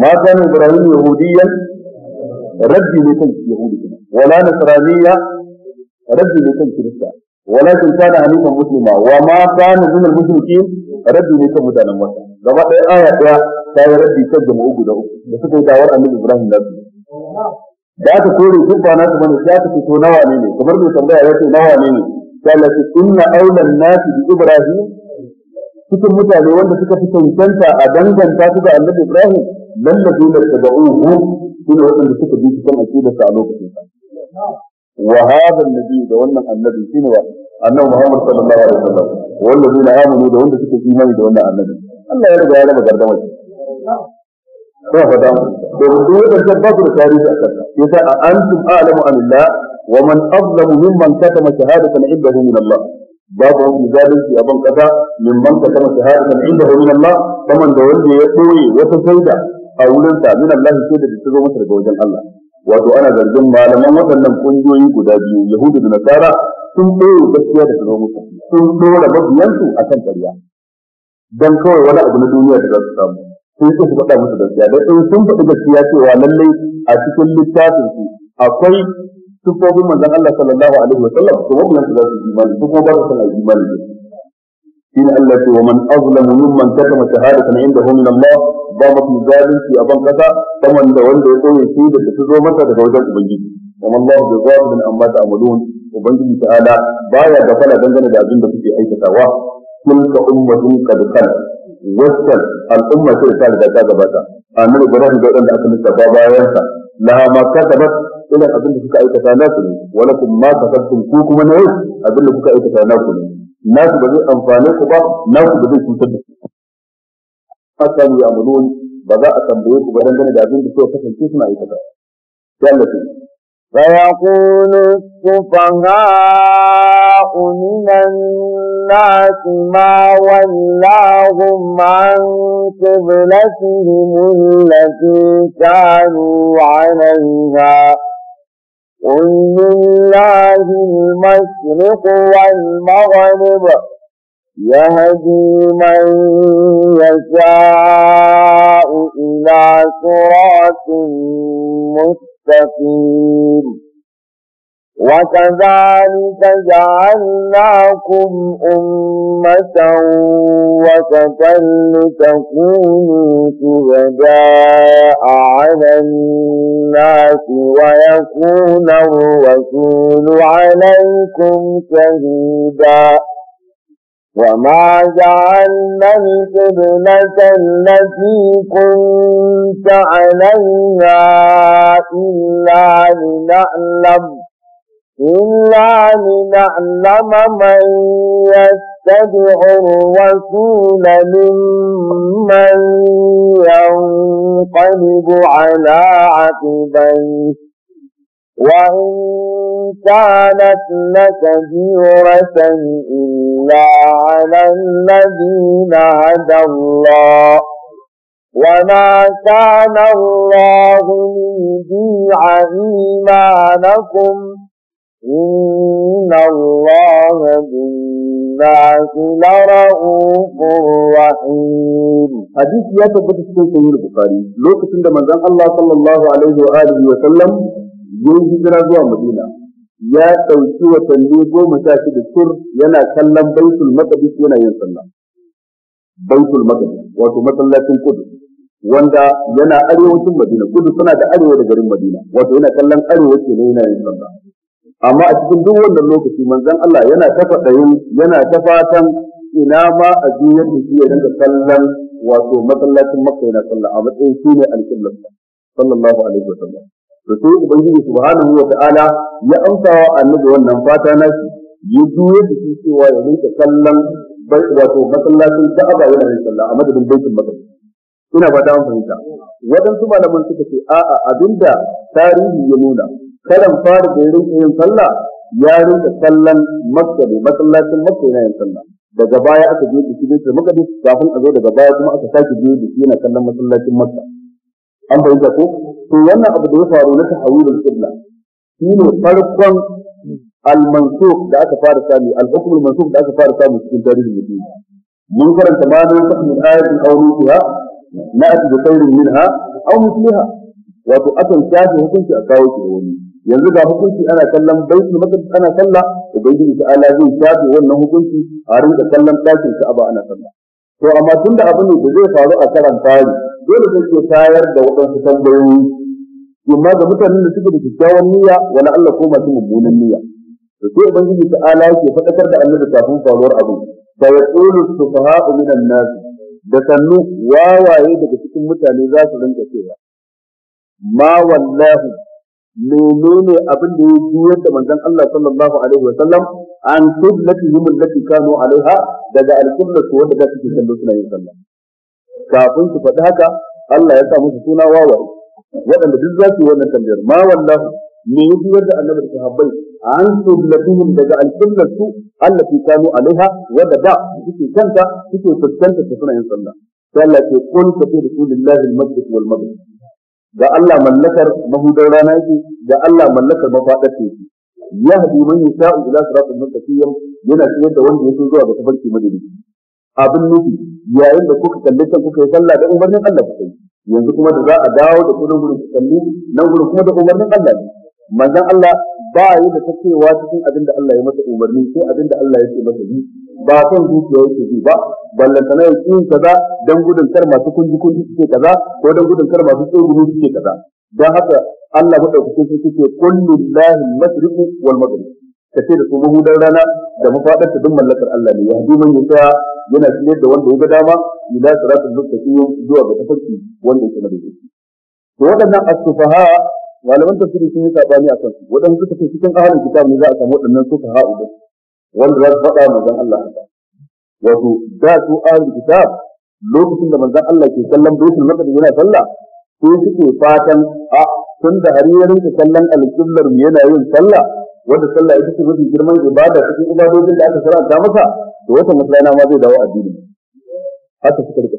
ma kana ibrahim yahudiyan rabbi ne kan yahudi wala nasraniya rabbi ne kan kirista ولكن كان حنيفا مسلما وما كان من المشركين Rabbi ne kan mutanen masa gaba ɗaya aya ɗaya ta yi rabbi kan jama'u guda uku da suka yi dawar annabi ibrahim da su da aka kore duk ba nasu bane sai aka ce to nawa ne ne kamar mai tambaya ya ce nawa ne ne salatu kunna aulan nasu bi ibrahim cikin mutane wanda suka fi cancanta a danganta su ga annabi ibrahim lallazu da tabu'uhu sune waɗanda suka bi cikin aqidarsa a lokacin sa wa hadha annabi da wannan annabi shine wa annabi muhammad sallallahu alaihi wasallam wallazina amanu da wanda suka imani da wannan annabi Allah ya riga ya raba gardamar ko fada to duk da ba su da tarihi a yasa a antum a'lamu anillah wa man azlamu mimman katama shahadatan indahu min Allah babu wani zalunci a ban kasa mimman katama shahadatan indahu min Allah kaman da wanda ya koyi wata shaida a wurin sa min Allah sai da ta zo masa daga wajen Allah wato ana zargin malaman waɗannan kungiyoyi guda biyu yahudu da nasara sun ɗora gaskiya da ta zo musu sun ɗora mabiyansu a kan ƙarya dan kawai wani abu na duniya da za su samu sun ce su faɗa musu gaskiya dan in sun faɗi gaskiya cewa lallai a cikin littafinsu akwai sufofin manzon Allah sallallahu alaihi wa wasallam to wannan da su imani ko ba su sanin imani ne in Allah ce wa man azlamu mimman katama shahadatan indahu min Allah ba mafi zalunci a ban kasa kaman da wanda ya koyi shi da ta zo masa daga wajen ubangiji wa man Allah da zalimin amma ta'malun ubangiji ta'ala baya gafala dangane da abin da kuke aikatawa tilka ummatun qad khalat wasan al'umma ce ta riga ta gabata annabi ibrahim da wadanda aka nuna ba bayansa laha ma kasabat irin abin da kuka aikata naku ne wala kun ma kasabtum ku kuma na yau abin da kuka aikata naku ne naku ba zai amfane ku ba naku ba zai cutar da ku hakan ya amulun ba za a tambaye ku ba dangane da abin da kuka kasance suna aikata sai Allah ce فيقول السفهاء من الناس ما ولاهم عن قبلتهم التي كانوا عليها قل لله المشرق والمغرب يهدي من يشاء إلى صراط مستقيم وكذلك جعلناكم أمة وسطا لتكونوا شهداء على الناس ويكون الرسول عليكم شهيدا وما جعلنا القبلة التي كنت عليها إلا لنعلم إلا لنعلم من يتبع الرسول ممن ينقلب على عقبيه وإن كانت لكبيرة إلا على الذين هدى الله وما كان الله ليضيع إيمانكم إن الله بالناس لرؤوف رحيم حديث يا تبت سيد البخاري لو كنت من الله صلى الله عليه وآله وسلم يوم هجرة zuwa Madina ya ɗauki watanni goma sha shida sur yana kallon baitul maqdis yana yin sallah baitul wato masallacin kudu wanda yana arewacin Madina kudu suna da arewa da garin Madina wato yana kallon arewa kenan yana yin sallah amma a cikin duk wannan lokaci manzon Allah yana ta faɗayin yana ta fatan ina ma a duniyar da shi ya dinga sallan wato masallacin Makka yana sallah a matsayin shi ne alƙiblar sallallahu alaihi wa sallam to sai ubangiji subhanahu wa ta'ala ya amsa wa annabi wannan fata na shi ya juye da shi cewa ya rinka sallan wato masallacin Ka'aba yana yin sallah a madadin baitul maqdis ina fata an fahimta waɗansu malaman suka ce a'a abinda tarihi ya nuna Kalan fara da rinka yin sallah ya rinka sallan makka ne masallacin makka yana yin sallah daga baya aka je da shi ne sai makka kafin a zo daga baya kuma aka sake je da shi yana kallon masallacin makka an fahimta ko to wannan abu da ya faru na tahawilul qibla ne farkon al-mansukh da aka fara sami al-hukm al-mansukh da aka fara sami cikin tarihin musulmi mun karanta ma da wata min ayatin aw nusiha na'ati bi khairin minha aw mithliha wato akan shafi hukunci a kawo shi wani yanzu ga hukunci ana kallon baitul maqdis ana sallah ubangiji ta ala zai shafe wannan hukunci a rinka kallon ɗakin ka'aba ana sallah to amma tunda abin da zai faru a karan fari dole sai ke tayar da waɗansu tambayoyi amma ga mutanen da suke da kyakkyawan niyya wala Allah ko masu mummunan niyya to sai ubangiji ta ala yake faɗakar da annabi kafin faruwar abin da ya tsoro su faha'u minan nasu da sannu wawaye daga cikin mutane za su rinka cewa ma menene abin da ya biyar da manzon Allah sallallahu alaihi wa sallam an qiblatihim allati kanu alaiha daga al-qiblat wanda da suke kallo suna yin sallah kafin su faɗi haka Allah ya sa musu suna wawaye waɗanda duk za su yi wannan tambayar ma wallahu me yi juyar da annabi sahabbai an qiblatihim daga al-qiblat su allati kanu alaiha wanda da suke kanta suke fuskanta suna yin sallah sai Allah ya ce qul fa rasulillahi al-masjid wal maghrib ga Allah mallakar mahudar rana yake ga Allah mallakar mafadar teku ya haɗu man ya sha'u ila siratul mustaqim yana tsayar da wanda yake zuwa ga tafarki madalisi abin nufi yayin da kuka kalli can kuka yi sallah da umarnin Allah kuka yanzu kuma da za a dawo da kudin gurin ku nan gurin kuma da umarnin Allah ne manzon Allah ba yi da ta cewa cikin abin da Allah ya masa umarni sai abin da Allah ya ce masa yi ba son zuciya yake ji ba ballanta na yin kaza dan gudun kar masu kunji kunji suke kaza ko dan gudun kar masu tsogunu suke kaza dan haka Allah madaukakin sarki ce kullu lillahi al-mashriq wal maghrib kace da su mahudan rana da mafadar ta duk mallakar Allah ne yahdi man yasha yana shirye da wanda ya ga dama ila siratul mustaqim zuwa ga tafarki wanda yake madaidaici to waɗannan as-sufaha malaman tafsiri sun yi sabani a kansu waɗanda suka ce cikin ahlul kitab ne za a samu waɗannan sufaha ubai wanda za su faɗa manzon Allah haka wato da su ahlul kitab lokacin da manzon Allah ke kallon baitul maqdis yana sallah sai suke fatan a tun da har yayin da kallon alƙiblar yana yin sallah wanda sallah ita ce mafi girman ibada cikin ibadojin da aka sarrafa masa to wata masalana ma zai dawo addini haka suka rika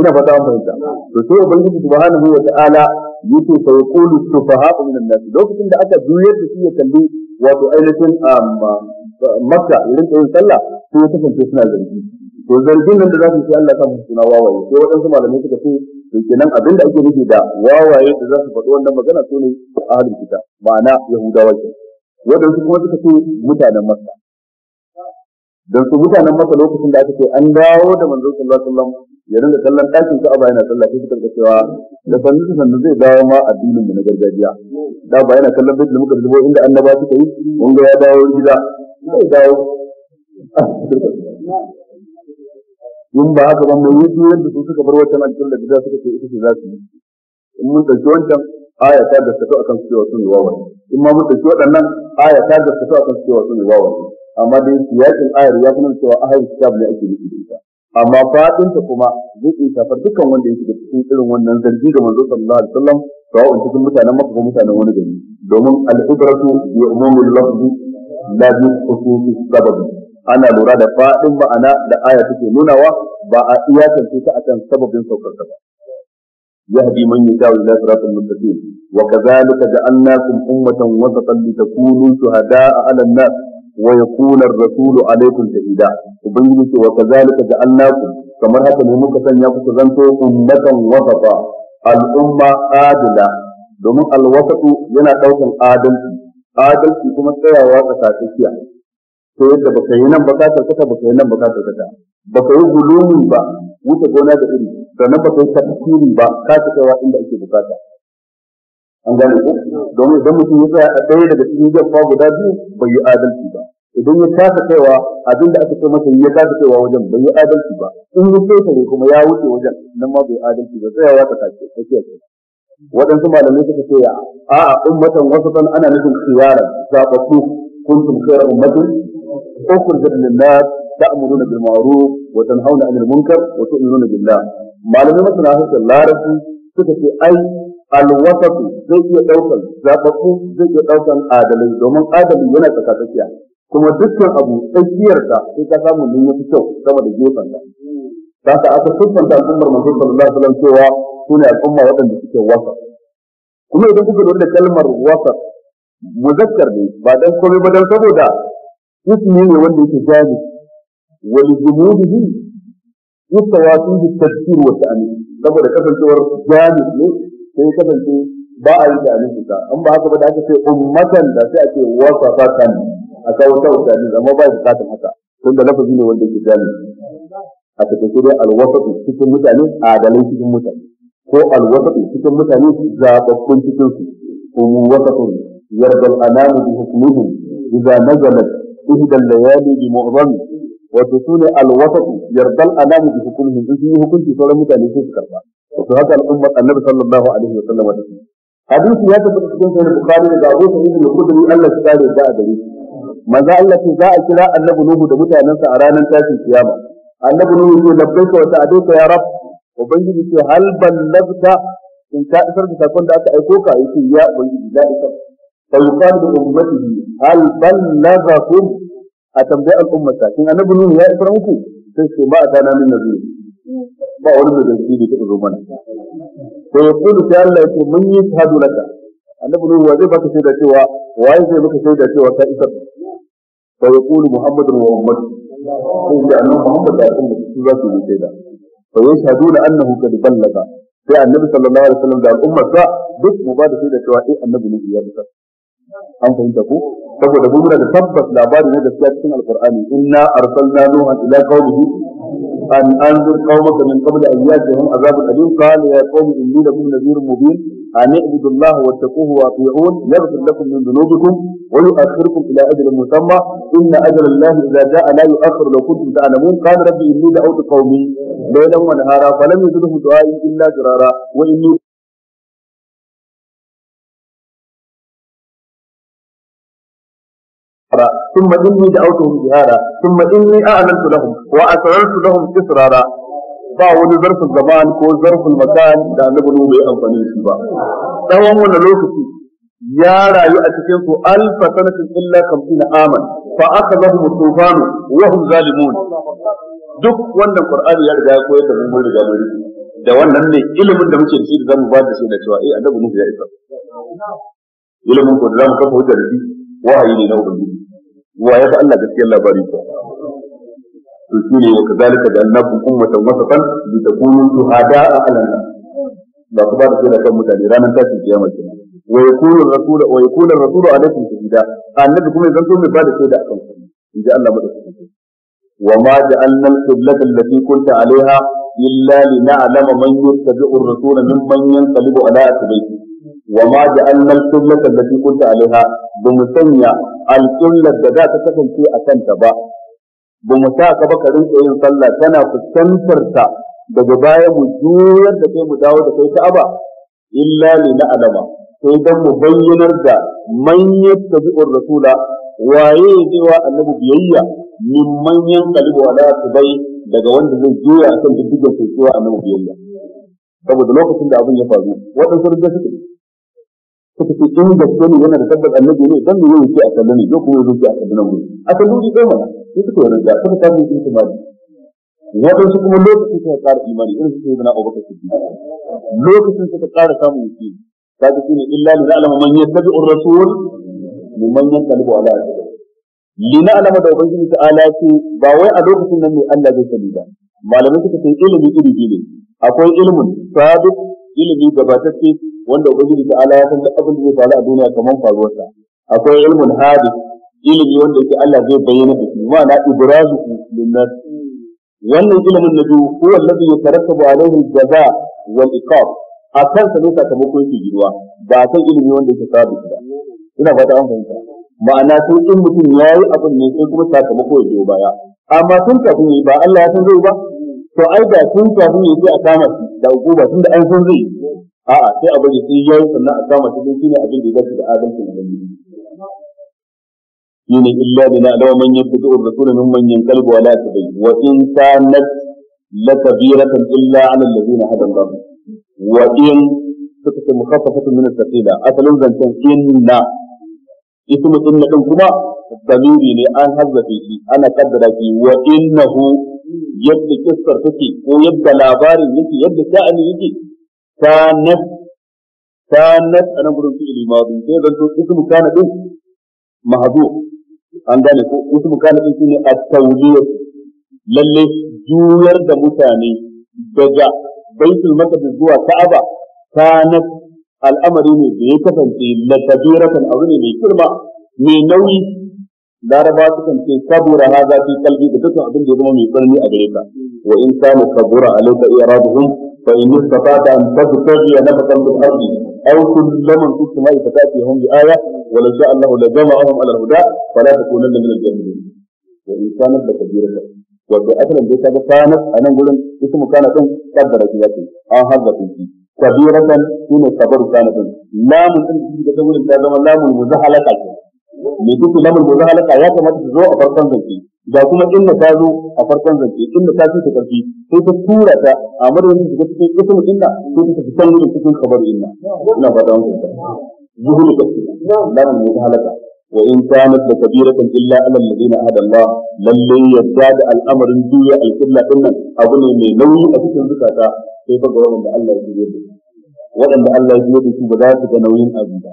ina fata an fahimta to sai ubangiji subhanahu wa ta'ala yake fa yaqulu sufaha'u min an-nas lokacin da aka juyar da shi ya kalli wato ainihin amma um, makka ya rinka yin sallah sai ya kasance suna zargi to zargin nan da za su ce Allah ta musu suna wawaye sai waɗansu malamai suka ce to kenan abin da ake nufi da wawaye da za su faɗi wannan magana su ne ahlul kitab ma'ana yahudawa ke waɗansu kuma suka ce mutanen makka dan su mutanen makka lokacin da aka ce an dawo da manzon sallallahu alaihi wasallam ya rinka kallon ɗakin su ba yana sallah sai suka ga cewa da sannu su sannu zai dawo ma addinin mu na gargajiya da ba yana kallon da muka ba inda annaba suka yi mun ga ya dawo gida sai dawo mun ba haka ba mai yi yadda su suka bar wancan alƙur da gida suka ce ita ce za su yi in mun ɗauki wancan aya ta gaskata akan su cewa sun yi in ma mun ɗauki waɗannan aya ta gaskata akan su cewa sun yi wawaye amma dai yakin ayar ya kuma cewa ahal kitab ne ake nufi da ita amma fadinta kuma zai iya shafar dukkan wanda ya shiga cikin irin wannan zargi ga manzo sallallahu alaihi wasallam sawa'un cikin mutanen Makka ko mutanen wani gari domin al-ibratu bi umumil lafzi la bi khususis sabab ana lura da fadin ma'ana da aya take nunawa ba a iyakance ta akan sababin saukar ta ba يهدي من يشاء الى صراط المستقيم ummatan جعلناكم امه وسطا لتكونوا شهداء على nas wa yakuna ar-rasulu alaykum shahida ubangiji ce wa kazalika ja'alnakum kamar haka ne muka sanya ku zanto ummatan wasata al-umma adila domin al yana daukan adalci adalci kuma tsayawa tsakatsakiya ta yadda ba yi nan ba ka karkata yi nan ba ka ba ka yi zulumi ba wuce gona da iri sannan ba ka yi tafsiri ba ka ta kaiwa inda ake bukata an gane ko domin idan mutum ya tsaya a ɗaya daga cikin jaffa guda biyu bai yi adalci ba idan ya kasa kaiwa abin da aka ce masa ya kasa kaiwa wajen bai yi adalci ba in ya kai ne kuma ya wuce wajen nan ma bai adalci ba tsayawa ta kace kace ce waɗansu malamai suka ce ya a'a ummatan wasatan ana nufin khiyaran zabatu kuntum khayra ummatin za lin-nas ta'muruna bil ma'ruf wa tanhauna 'anil munkar wa tu'minuna billah malamai masana hasan larabci suka ce ai alwasatu zai iya ɗaukar zaɓaɓɓu zai iya ɗaukar adalai domin adalai yana tsaka kuma dukkan abu ta sai ka samu ne ya fi kyau sama da gefen ka ba ka aka siffanta al'ummar masu sallallahu alaihi wasallam cewa su ne al'umma waɗanda suke wasa kuma idan kuka lura da kalmar wasa muzakkar ne ba dan komai ba dan saboda ismi ne wanda yake jami wal jumudihi yastawatu bi tadkir wata ta'min saboda kasancewar jami ne sai ya kasance ba a yi da alifika an ba haka ba da aka ce ummatan da sai ake sa wasafatan a kawo ta wuta ne amma ba ya bukatar haka tun da lafazi ne wanda ke gani a takaice dai alwasatu cikin mutane adalai cikin mutane ko alwasatu cikin mutane zababbun cikin su hum wasatun yarda al-anamu bi hukmihim idza nazalat ihda al-layali bi mu'zami wato sune alwasatu yarda al-anamu bi hukmihim in sun yi hukunci sauran mutane sai su karba to haka al'umma annabi sallallahu alaihi wa sallam ta hadisi ya tafi cikin sahih bukhari da abu sa'id al-khudri Allah ya kare da a gare manzo Allah ce za a kira annabi nuhu da mutanansa a ranar tashin kiyama annabi nuhu ce labbaika wa ta'aduka ya rab ubangiji ce hal ballagta in ka isar da sakon da aka aiko ka yace ya ubangiji la isar fa yuqalu bi ummatihi hal ballagakum a tambayi ta, kin annabi nuhu ya isar muku sai ce ma na min nabi ba wani mai zargi ne taɓa zo mana to ya kudu sai Allah ya ce mun yi shahadu laka annabi nuhu wa zai baka shaida cewa waye zai baka shaida cewa ka isa ya yaqulu Muhammadu wa ummatu sai da annabi muhammad da al'umma su za su yi shaida ya fa yashhaduna annahu qad ballaga sai annabi sallallahu alaihi wasallam da al'umma sa duk mu ba da shaida cewa eh annabi ne ya isa an fahimta ko saboda mun muna da tabbas labari na gaskiya cikin alqur'ani inna arsalna nuhan ila qaumihi an anzur qaumaka min qabli an yatihum qala ya qaumi inni lakum nadhirun mubin an i'budu allaha wattaquhu wa ati'un yaghfir lakum min dhunubikum wa yu'akhirukum ila ajalin musamma inna ajala allahi idza jaa la yu'akhkharu law kuntum ta'lamun qala rabbi inni da'awtu qaumi laylan wa nahara falam illa jirara wa inni ثم إني دعوتهم جهارا ثم إني أعلنت لهم وأسررت لهم إسرارا ba wani zarfin zaman ko zarfin makan da annabi nuhu bai amfani da shi ba tsawon wani lokaci ya rayu a cikin su alfa sanatin illa na aman fa aka zahu tufanu wa hum zalimun duk wannan qur'ani ya riga ya koyar da mu mun riga mun da wannan ne ilimin da muke da shi da zamu ba da shi da cewa eh annabi nuhu ya isa ilimin ko da zamu kafa hujja da shi wahayi ne na ubangiji وهي قال لك كيف وكذلك جعلناكم أمة وسطا لتكونوا شهداء على الناس لا تبارك كده كم متعليران انتهت القيامة الجنة ويكون الرسول ويكون الرسول عليكم شهداء قال النبي كم يزنتم من بعد شهداء إن جاء الله وما جعلنا القبلة التي كنت عليها إلا لنعلم من يتبع الرسول ممن ينقلب على أتبيته wa ma ja'alna al-qillata allati kunta 'alayha bi musanya al da za ta kasance a kanta ba ba sa ka ba ka rinka yin sallah tana fuskantar ta daga baya mu juyar da kai mu dawo da kai ka'aba illa na na'lama sai dan mu bayyanar da man yattabi'ur rasula waye yake wa annabi biyayya min man yanqalibu ala tubai daga wanda zai juya a kan dukkan sai wa annabi biyayya saboda lokacin da abin ya faru waɗansu rujja suka suka ce in gaske ne yana da tabbata annabi ne dan ne yake a kallon ne ko kuma yake a kallon mu a kallon shi kai mana sai suka yi da suka samu shi kuma wadan su kuma lokacin suka ƙara imani irin su yana Abu Bakar Siddiq lokacin suka ƙara samu shi kaga shi ne illa li zalama man yattabi'u ar-rasul mimman yanqalibu ala asbab lina alama da ubangiji ta ala ce ba wai a lokacin nan ne Allah zai sani ba malamai suka ce ilimi iri ne akwai ilimin sabiq ilimi gabatacce wanda ubangiji ta ala ya san duk abin da zai faru a duniya kamar faruwarsa akwai ilmul hadith ilimi wanda yake Allah zai bayyana da shi ma'ana ibrazu linnas wannan ilimin na biyu huwa alladhi yatarattabu alayhi al-jaza wal iqab akan sa ne sakamako yake girwa ba akan ilimi wanda yake sabu ba ina fata an fahimta ma'ana sai in mutum ya yi abin ne sai kuma sakamako ya biyo baya amma tun kafin yi ba Allah ya san zai ba to ai da tun kafin yi sai a kama shi da hukuma da an san zai a'a sai a bari sai yayi sannan a kama shi shine abin da yake da adalcin ubangiji shine illa bina law man yakutu ar-rasul min man yanqalib wa la tabi wa in kanat la kabiratan illa 'ala alladhina hada Allah wa in suka ce mukhaffafatun min as-saqila asalin zancen inna ismu inna din kuma dalili ne an hazzafe shi ana kaddara shi wa innahu yadda kissar take ko yadda labarin yake yadda sha'ani yake كانت كانت انا بقول في الماضي ده ده اسم كان ده مهدو عندنا اسم كان ده اسم التوليه للي جوير ده متاني دجا بيت المقدس جوا كعبه كانت الامر ان يكفن في لكبيره الاولين بكرما من نوي دارباك كان في كبر هذا في قلبي بدك عبد الجرمي يقول لي اغريك وان كان كبر عليك ارادهم إيه فإن استطعت أن تبتغي نفقا في الأرض أو سلما في السماء فتأتيهم بآية ولو شاء الله لجمعهم على الهدى فلا تكونن من الجاهلين وإن كانت لكبيرة wato asalin dai kaga kanat a nan gurin ismu kana din kaddara shi zaki an harza shi kabiratan shine kabaru kana din lamun din da ta gurin ta zama lamun muzahalaka kenan me kuke lamar gobe halaka ya kamata su zo a farkon zance ga kuma inda ta zo a farkon zance inda ta fita sai ta tura ta a madadin su ga cikin ismu inda sai ta fita cikin cikin kabar inda ina fata mun zuhul kafi lamar gobe halaka wa in kanat la kabiratan illa ala alladhina hada Allah lalle yadda da al'amarin duniya alƙilla dinnan abu ne mai nauyi a cikin zukata sai fa ga wanda Allah ya yi da waɗanda Allah ya yi da su ba za su ga nauyin abu ba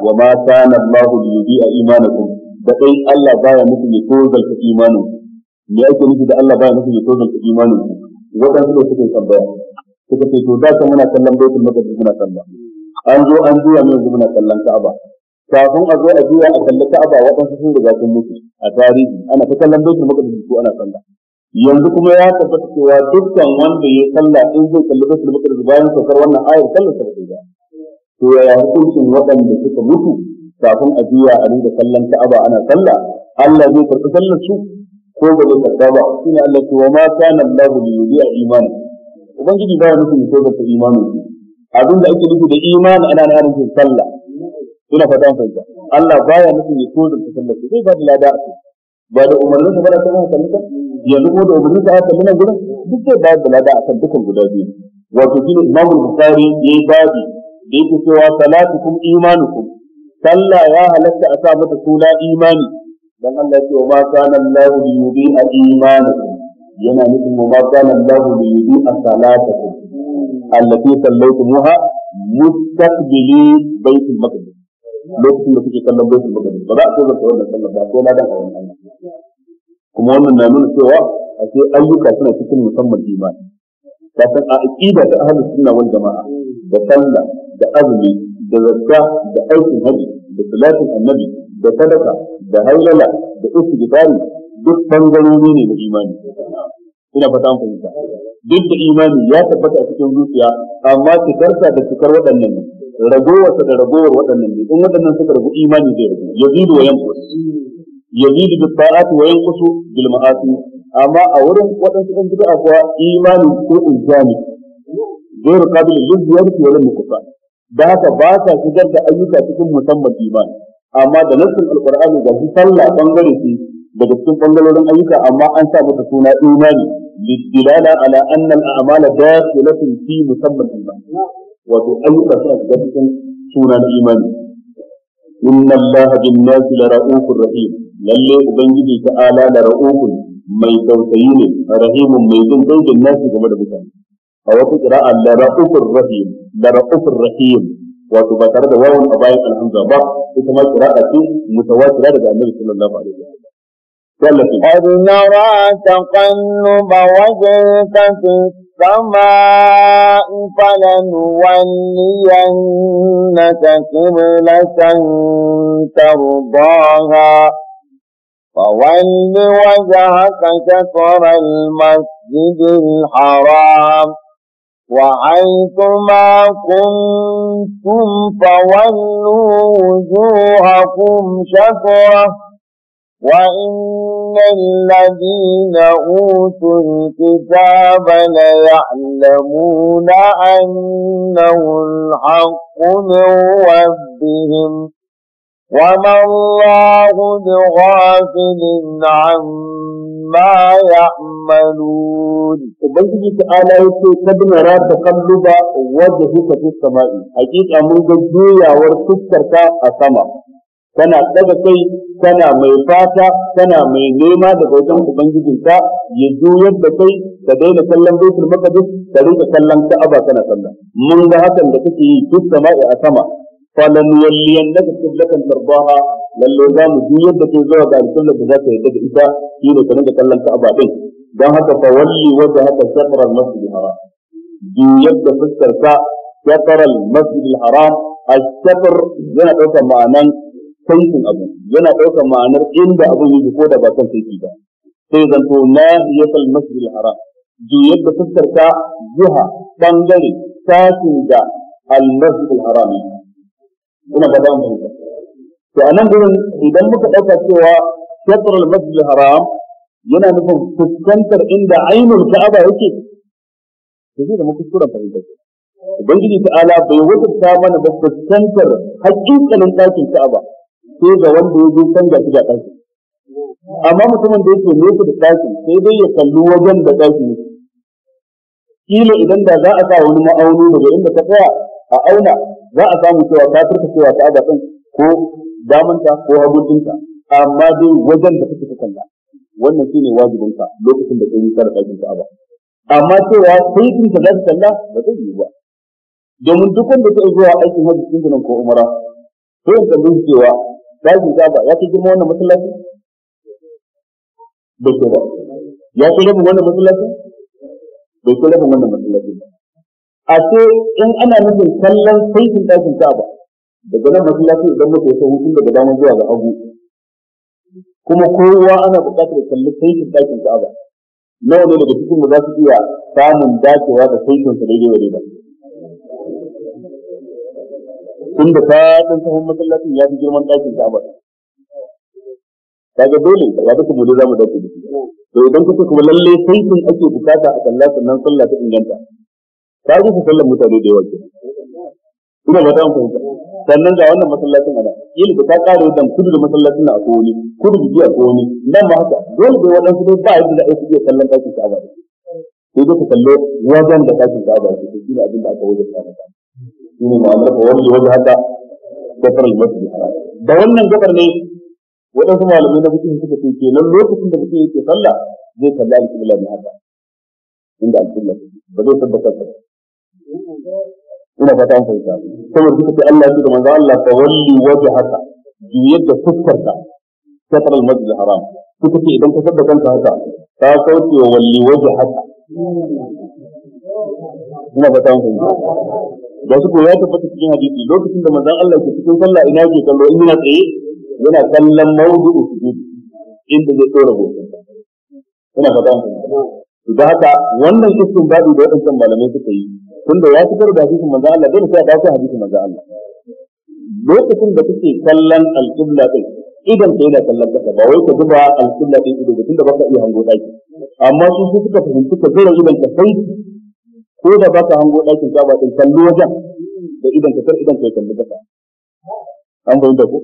wa ma kana Allah liyudi'a imanakum da dai Allah baya muku ya tozalta imanin me ake nufi da Allah baya muku ya tozalta imanin wadansu su suke tambaya suka ce to da ka muna kallon baitul maqdis muna kallon an zo an juya ne yanzu muna kallon Ka'aba kafin a zo a juya a kalli Ka'aba waɗansu sun riga sun mutu a tarihi ana ta kallon baitul maqdis ko ana kalla yanzu kuma ya tabbata cewa dukkan wanda ya kalla in zai kalli baitul maqdis bayan saukar wannan ayar sallar sa ba to yaya hukuncin waɗanda suka mutu kafin a juya a rinka kallon ka'aba ana sallah Allah zai karɓi sallar su ko ba zai karɓa ba shine Allah ce wa ma kana Allahu li yudi'a imani ubangiji ba ya nufin ko ba ta imani abin da ake nufi da imani ana nan harin sallah ina fata an fahimta Allah baya nufin ya ko da sallar su zai ba da lada ba da umarnin ba da kan kallon yanzu ko da umarnin ka kallon gurin duk zai ba da lada akan dukan guda biyu wato shine Imam Bukhari yayi babi da yake cewa salatukum imanukum sallah ya halatta a sa mata suna imani dan Allah ya ce wa ma kana Allahu yudi'a imanukum yana nufin wa ma kana Allahu yudi'a salatakum allati sallaitumuha mustaqbili baitul maqdis lokacin da kuke kallon baitul maqdis ba za a so zaka wannan sallah ba ko ladan a wannan kuma wannan na nuna cewa a ce ayyuka suna cikin musamman imani ka a aqida ta ahlus sunna wal jamaa da sallah da azumi da zakka da aikin haji da salatin annabi da sadaka da hailala da istighfari duk bangarori ne da imani ina fata an fahimta duk da imani ya tabbata a cikin zuciya amma cikarsa da cikar waɗannan ragowarsa da ragowar waɗannan ne in waɗannan suka rabu imani zai ragu yazidu wa yanqus yazidu bi ta'ati wa yanqusu bil ma'asi amma a wurin waɗansu ɗan bid'a kuwa imani ko injani zai rukabi da zuciyar ki wala mukufa Ba ka ba sa shigar da ayyuka cikin musamman iman amma da nassin alqur'ani ga shi sallah bangare ce daga cikin bangarorin ayyuka amma an sa mata suna imani lidilala ala anna al'amala dakhilatun fi musamman iman wato ayyuka suna shiga cikin sunan imani inna allaha bin nasi la ra'ufur rahim lalle ubangiji ta'ala la ra'ufun mai tausayi ne rahimun mai jin dangin nasi game da mutane a wata qira'a la ra'ufur rahim la ra'ufur rahim wato ba tare da wawan a bayan alhamza ba ita ma qira'a ce mutawatira daga annabi sallallahu alaihi wasallam قد نرى تقلب وجهك في السماء فلنولينك قبلة ترضاها فول وجهك شطر المسجد الحرام وحيثما كنتم فولوا وجوهكم شطره وإن الذين أوتوا الكتاب ليعلمون أنه الحق من ربهم وما الله بغافل عما يعملون ubangiji ta ala yace kadna ra ta kalluba wajha ka fi samai hakika mun ga juyawar fuskarka a sama kana ɗaga kai kana mai fata kana mai nema daga wajen ubangijinka ya juyar da kai ka daina kallon baitul maqdis ka rika kallon ka'aba kana kallon mun ga hakan da kake yi fi sama'i a sama falan walliyan laka qiblatan tarbaha lalle za mu ji yadda ke zuwa ga alƙiblar da za ka yadda da ita shi ne ka rinka kallon ka'aba din don haka fa walli wata haka shakarar masjid haram ji yadda fuskar ka shakarar masjid haram a shakar yana ɗaukar ma'anan tankin abu yana ɗaukar ma'anar inda abin yake ko da ba ba sai haram ka jiha harami ina za mu yi to anan gurin idan muka ɗauka cewa shatr al-masjid haram yana nufin fuskantar inda ainul ka'aba yake to zai zama kuskuren fahimta ubangiji ta'ala bai wuce mana da fuskantar hakikanin ɗakin ka'aba sai ga wanda ya je canza shi da ɗakin amma mutumin da yake nesa da ɗakin sai dai ya kalli wajen da ɗakin yake kila idan da za a sa wani ma'auni daga inda ka tsaya a auna za a samu cewa ta turka cewa ta aga din ko damanta ko hagunta amma dai wajen da kake kalla wannan shine wajibin ka lokacin da kai tsara ka ba amma cewa kai kin ka zaka kalla ba zai yi ba domin duk wanda ke zuwa aikin hajji cikin ko umara sai in kalli cewa ɗakin ba ya kai girma wannan masallaci bai ba ya kai rabin wannan masallaci bai kai rabin wannan masallaci ba a ce in ana nufin kallon saitin ɗakin ka'aba daga nan lafi idan muka yi sahu tun daga damar zuwa ga abu. kuma kowa ana buƙatar kalli saitin ɗakin ka'aba nawa ne daga cikin mu za su iya samun dacewa da saitin su daidai wani ba tun da faɗin sahun masallacin ya fi girman ɗakin ka'aba kaga dole ya ta kuma za mu dace da shi to idan kuka kuma lalle saitin ake bukata a kalla sannan sallah ta inganta ta rufe sallar mutane da yawa kenan Ina ba ta fahimta sannan ga wannan masallacin ana yin ku ta kare dan kudu da masallacin na akwai wani kudu da jiya akwai wani nan ma haka dole da waɗansu dai ba yadda za a iya kallon ɗakin ka'aba da sai dai ka kalle wajen da ɗakin ka'aba da shi shine abin da aka wajen ta maka shine mu'allafa wani wajen haka gafar al-masjid da wannan gafar ne waɗansu malamai na fiƙin suka ce kenan lokacin da mutum yake sallah zai kalli al-qibla ne haka inda al ba zai tabbatar da ina fata an fahimta saboda suka ce Allah ya da manzo Allah fa walli wajhaka juyar da fuskarka shatar al-masjid al-haram suka ce idan ka sadda kanka haka ka kauce wa walli wajhaka ina fata an fahimta da su ko ya tabbata cikin hadisi lokacin da manzon Allah ke cikin sallah ina ke kallo in yana tsaye yana kallon mawdu'u sujud inda zai tsora gobe ina fata an fahimta da haka wannan istinbadi da wadannan malamai suka yi tunda ya fitar da hadisin manzo Allah dole sai ya dawo hadisin manzo Allah lokacin da kake kallon al-qibla din idan kai na kallon kasa ba wai ka zuba al-qibla din ido ba tunda baka iya hango daki amma su su suka fahimci ka zura idan ka sai ko da baka hango dakin ka ba din kallo wajen da idan ka sai idan kai kallon kasa an fahimta ko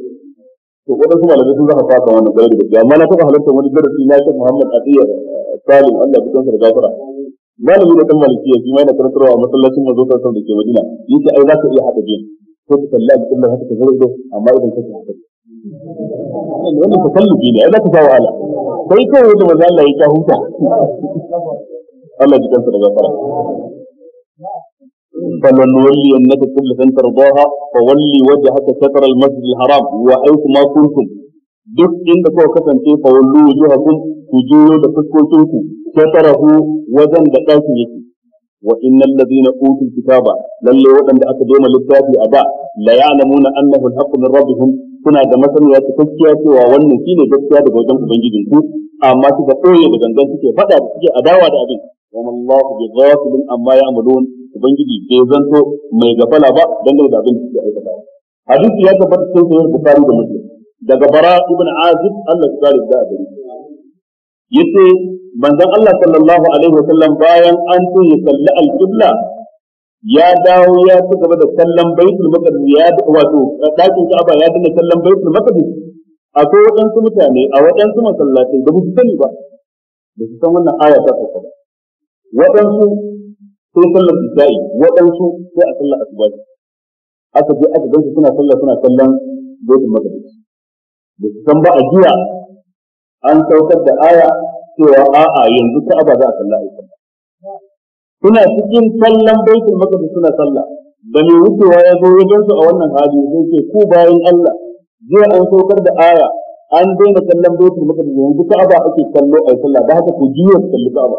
to wadansu malamai sun zaka fata wannan gari da amma na taɓa halartar wani darasi na Sheikh Muhammad Atiyya Salim Allah ya kusantar gafara malami da kan malikiya shi mai da karantarwa a masallacin mazo sarkar da ke madina yace ai za ka iya haka biyu ko ka kalli alƙibla haka ka zargo amma idan ka haka haɗa wannan takallufi ne ai za ka sa wahala sai kawai da maza Allah ya ka huta Allah ji kansa da gafara فلنولينك قبلة ترضاها فولي وجهك شطر المسجد الحرام وحيث ما كنتم duk inda kuka kasance fa wallu wujuhakum ku juyo da fuskokin ku satarahu wajen da ɗakin yake wa innal ladina utul kitaba lalle waɗanda aka doma littafi a da la ya'lamuna annahu al-haqqu min rabbihim suna da masaniya cikakkiya cewa wannan shine gaskiya daga wajen ubangijin ku amma suka koye da gangan suke fada da suke adawa da abin wa mallahu bi ghafilin amma ya'malun ubangiji bai zanto mai gafala ba dangane da abin da suke aikata hadisi ya tabbata cikin sahih bukhari da muslim daga bara ibn azib Allah ya kare da gari yace manzon Allah sallallahu alaihi wa sallam bayan an tun ya kalli al-qibla ya dawo ya ci gaba da kallon baitul maqdis ya wato dakin Ka'aba ya dinga kallon baitul maqdis akwai waɗansu mutane a waɗansu masallatai da su sani ba da su san wannan aya ta kafa ba waɗansu sai sallar isha'i waɗansu sai a sallar asubahi aka je aka gansu suna sallah suna kallon baitul maqdis da su san ba a jiya an saukar da aya cewa a'a yanzu ba za a kalla a suna cikin kallon baitul maqdis suna sallah da mai wucewa ya zo wajen su a wannan hali sai ce ku bayan Allah jiya an saukar da aya an daina kallon baitul maqdis yanzu ka'aba ake kallo ai sallah da haka ku jiya kalli ka'aba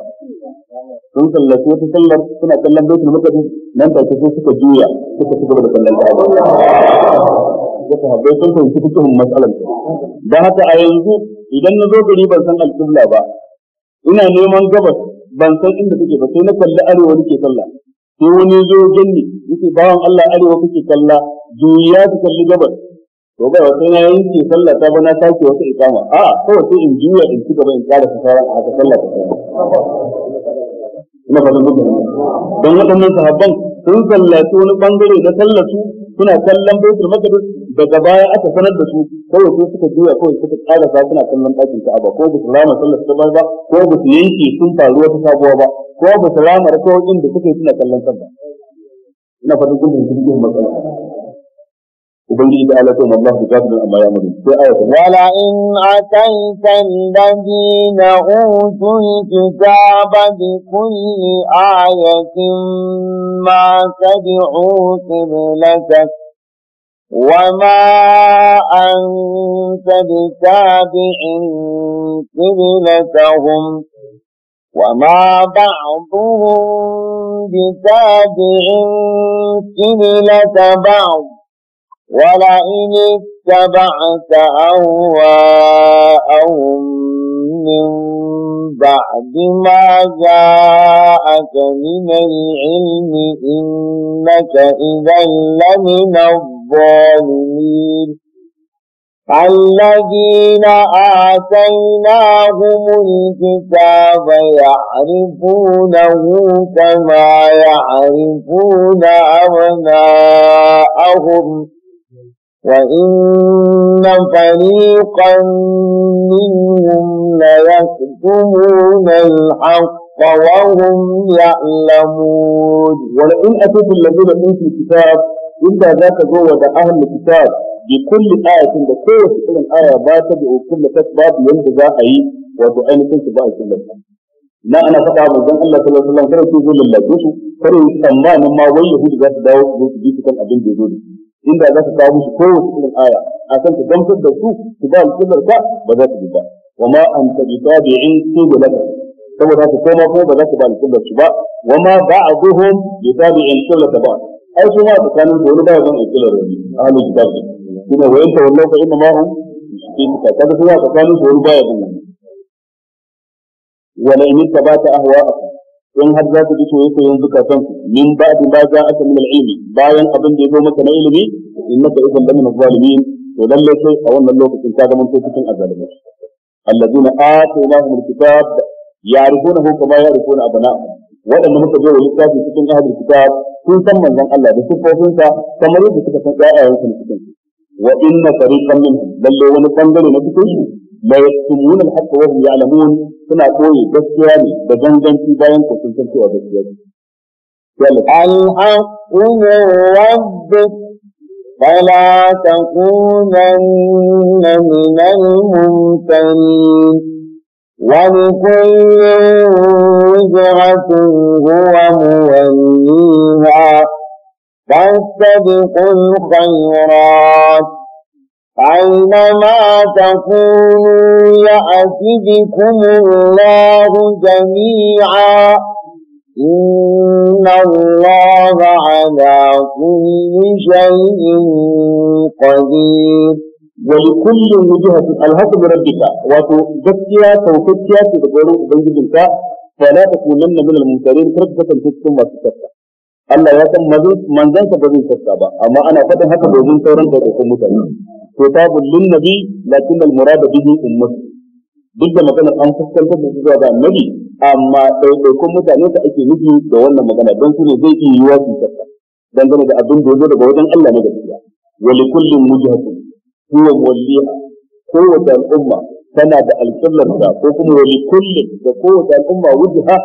sun sallaci wata sallar suna kallon baitul maqdis nan da sai suka juya suka ci gaba da kallon ka'aba suka habbai sun san su cikin matsalar da haka a yanzu idan na zo gari ban san alƙibla ba ina neman gabas ban san inda take ba sai na kalli arewa nake sallah sai wani zo ganni yake bawan Allah arewa kake kalla juya ka kalli gabas to wasu wata na yanke sallah ta ba na sake wata ikama a kawai sai in juya in ci gaba in ƙara fasara a haka sallah ta ina fatan duk don waɗannan sahabban sun sallaci wani bangare na sallatu suna kallon baitul maqdis daga baya aka sanar da su kawai sai suka juya kawai suka ƙara sa suna kallon ɗakin ba ko ba su rama sallar ta ba ko ba su yanke sun faru wata sabuwa ba ko ba su rama rakawoyin da suka yi suna kallon sallah ina fatan duk da cikin matsala ubangiji ta ala kuma Allah da amma ya mun sai aya ta wala in ataita alladina utul kitaba bi kulli ayatin ma tabi'u qiblatak وما أنت بتابع قبلتهم وما بعضهم بتابع قبلة بعض ولئن اتبعت أهواءهم من بعد ما جاءك من العلم إنك إذا لمن الظالمين الذين آتيناهم الكتاب يعرفونه كما يعرفون أبناءهم وإن فريقا منهم ليكتمون الحق وهم يعلمون ولئن أتيت الذين أوتوا الكتاب إلا ذاك جوة أهل الكتاب بكل آية بكل آية باتت وكل كتاب ينبغى أي وتؤمن كنت بها كل na ana faɗa wa manzon Allah sallallahu alaihi wasallam kada su zo lallace su kada su tsammanin ma wai yahudu za su dawo su ji su kan abin da ya zo da shi inda za su kawo musu kowace irin aya a kan su gamsar da su su ba alƙiblar ka ba za su bi ba wa ma an tabi tabi'in su da laka saboda su koma ko ba za su ba alƙiblar su ba wa ma ba'duhum bi tabi'in qiblat ba ai su ma tsakanin su wani ba ya zan alƙiblar wani ahlul kitab kuma wa in tawallu fa ina ma hum fi kitab kada su ma tsakanin su wani ba ya zan wala in hawa ahwa'akum in har za ku ji soyayyen zukatan ku min ba'di ma ja'aka min al-ilmi bayan abin da ya zo maka na ilimi innaka idan lamin zalimin to lalle sai a wannan lokacin ka zama cikin azalimai alladheena atainahum al-kitab ya'rifunahu kama ya'rifuna abna'ahum waɗanda muka je wa littafi cikin ahlul kitab sun san manzon Allah da sifofinsa kamar yadda suka san ƴaƴayensu cikin wa inna wani bangare na cikin la yaktumuna al-haqqa wa hum suna koyi gaskiya ne da ganganci bayan ku sun san cewa gaskiya ne الحق من ربك فلا تكونن من الممتنين ولكل وجهة هو موليها فاستبقوا الخيرات أينما تكونوا يأتي بكم الله جميعا إن الله على كل شيء قدير ولكل وجهة الهك بربك وتزكيا توكتيا تدبر بيدك فلا تكونن من المنكرين تركة تكون ما Allah ya san manzansa ba zai sassa ba amma ana faɗin haka domin sauran ɗaiɗaikun mutane to tabul lin nabi lakin al murada bihi ummati duk da magana an fuskanta da su zuwa ga annabi amma ɗaiɗaikun mutane ta ake nufi da wannan magana don su ne zai iya yiwa su sassa dangane da abin da ya zo daga wajen Allah na gaskiya wa li kullin mujahidin huwa waliha kowace al'umma tana da alƙiblarsa ko kuma wa li kullin da kowace al'umma wujha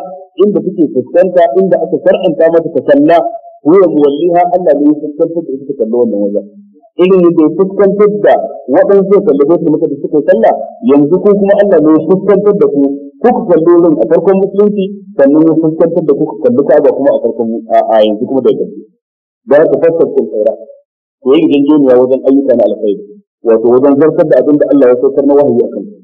inda take fuskanta inda aka karanta mata ta kalla huwa muwalliha Allah ne ya fuskanta da ita kallo wannan wajen irin yadda ya fuskantar da waɗansu kalli ko su muka da suka kalla yanzu ko kuma Allah ne ya fuskantar da ku kuka kalli wurin a farkon musulunci sannan ya fuskantar da kuka kalli ka'aba kuma a farkon a yanzu kuma da yanzu da haka fassar kun saura ko yin gangeniya wajen ayyuka na alkhairi wato wajen zartar da abin da Allah ya saukar na wahayi a kansu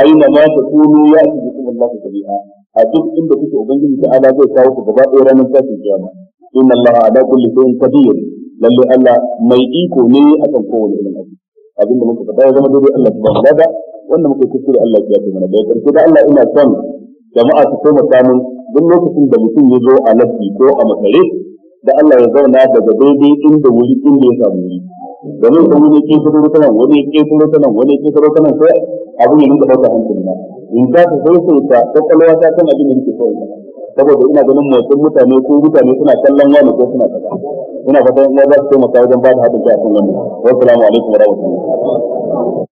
aina ma takunu ya ji kuma Allah jami'a a duk inda kuke ubangiji ta ala zai kawo ku gaba ɗaya ranar tashin kiyama inna allaha ala kulli shay'in qadir lalle allah mai iko ne akan kowane irin abu abinda muka faɗa ya zama dole allah subhanahu wa ta'ala wannan muka kuskure allah ya ce mana da karshe da allah ina son jama'a su koma samun duk lokacin da mutum ya zo a lafi ko a makare da Allah ya zauna daga daidai inda wuri inda ya samu wuri domin idan wani ya ke fito ta wani ya ke fito ta nan wani ya ke fito ta sai abin ya nuna ɗaukar hankali na in ka ta sauƙinta kwakwalwa ta kan abin da nake so saboda ina ganin motsin mutane ko mutane suna kallon wani ko suna kaza ina fatan in za su taimaka wajen ba da haɗin kai a kan wannan wassalamu alaikum wa rahmatullahi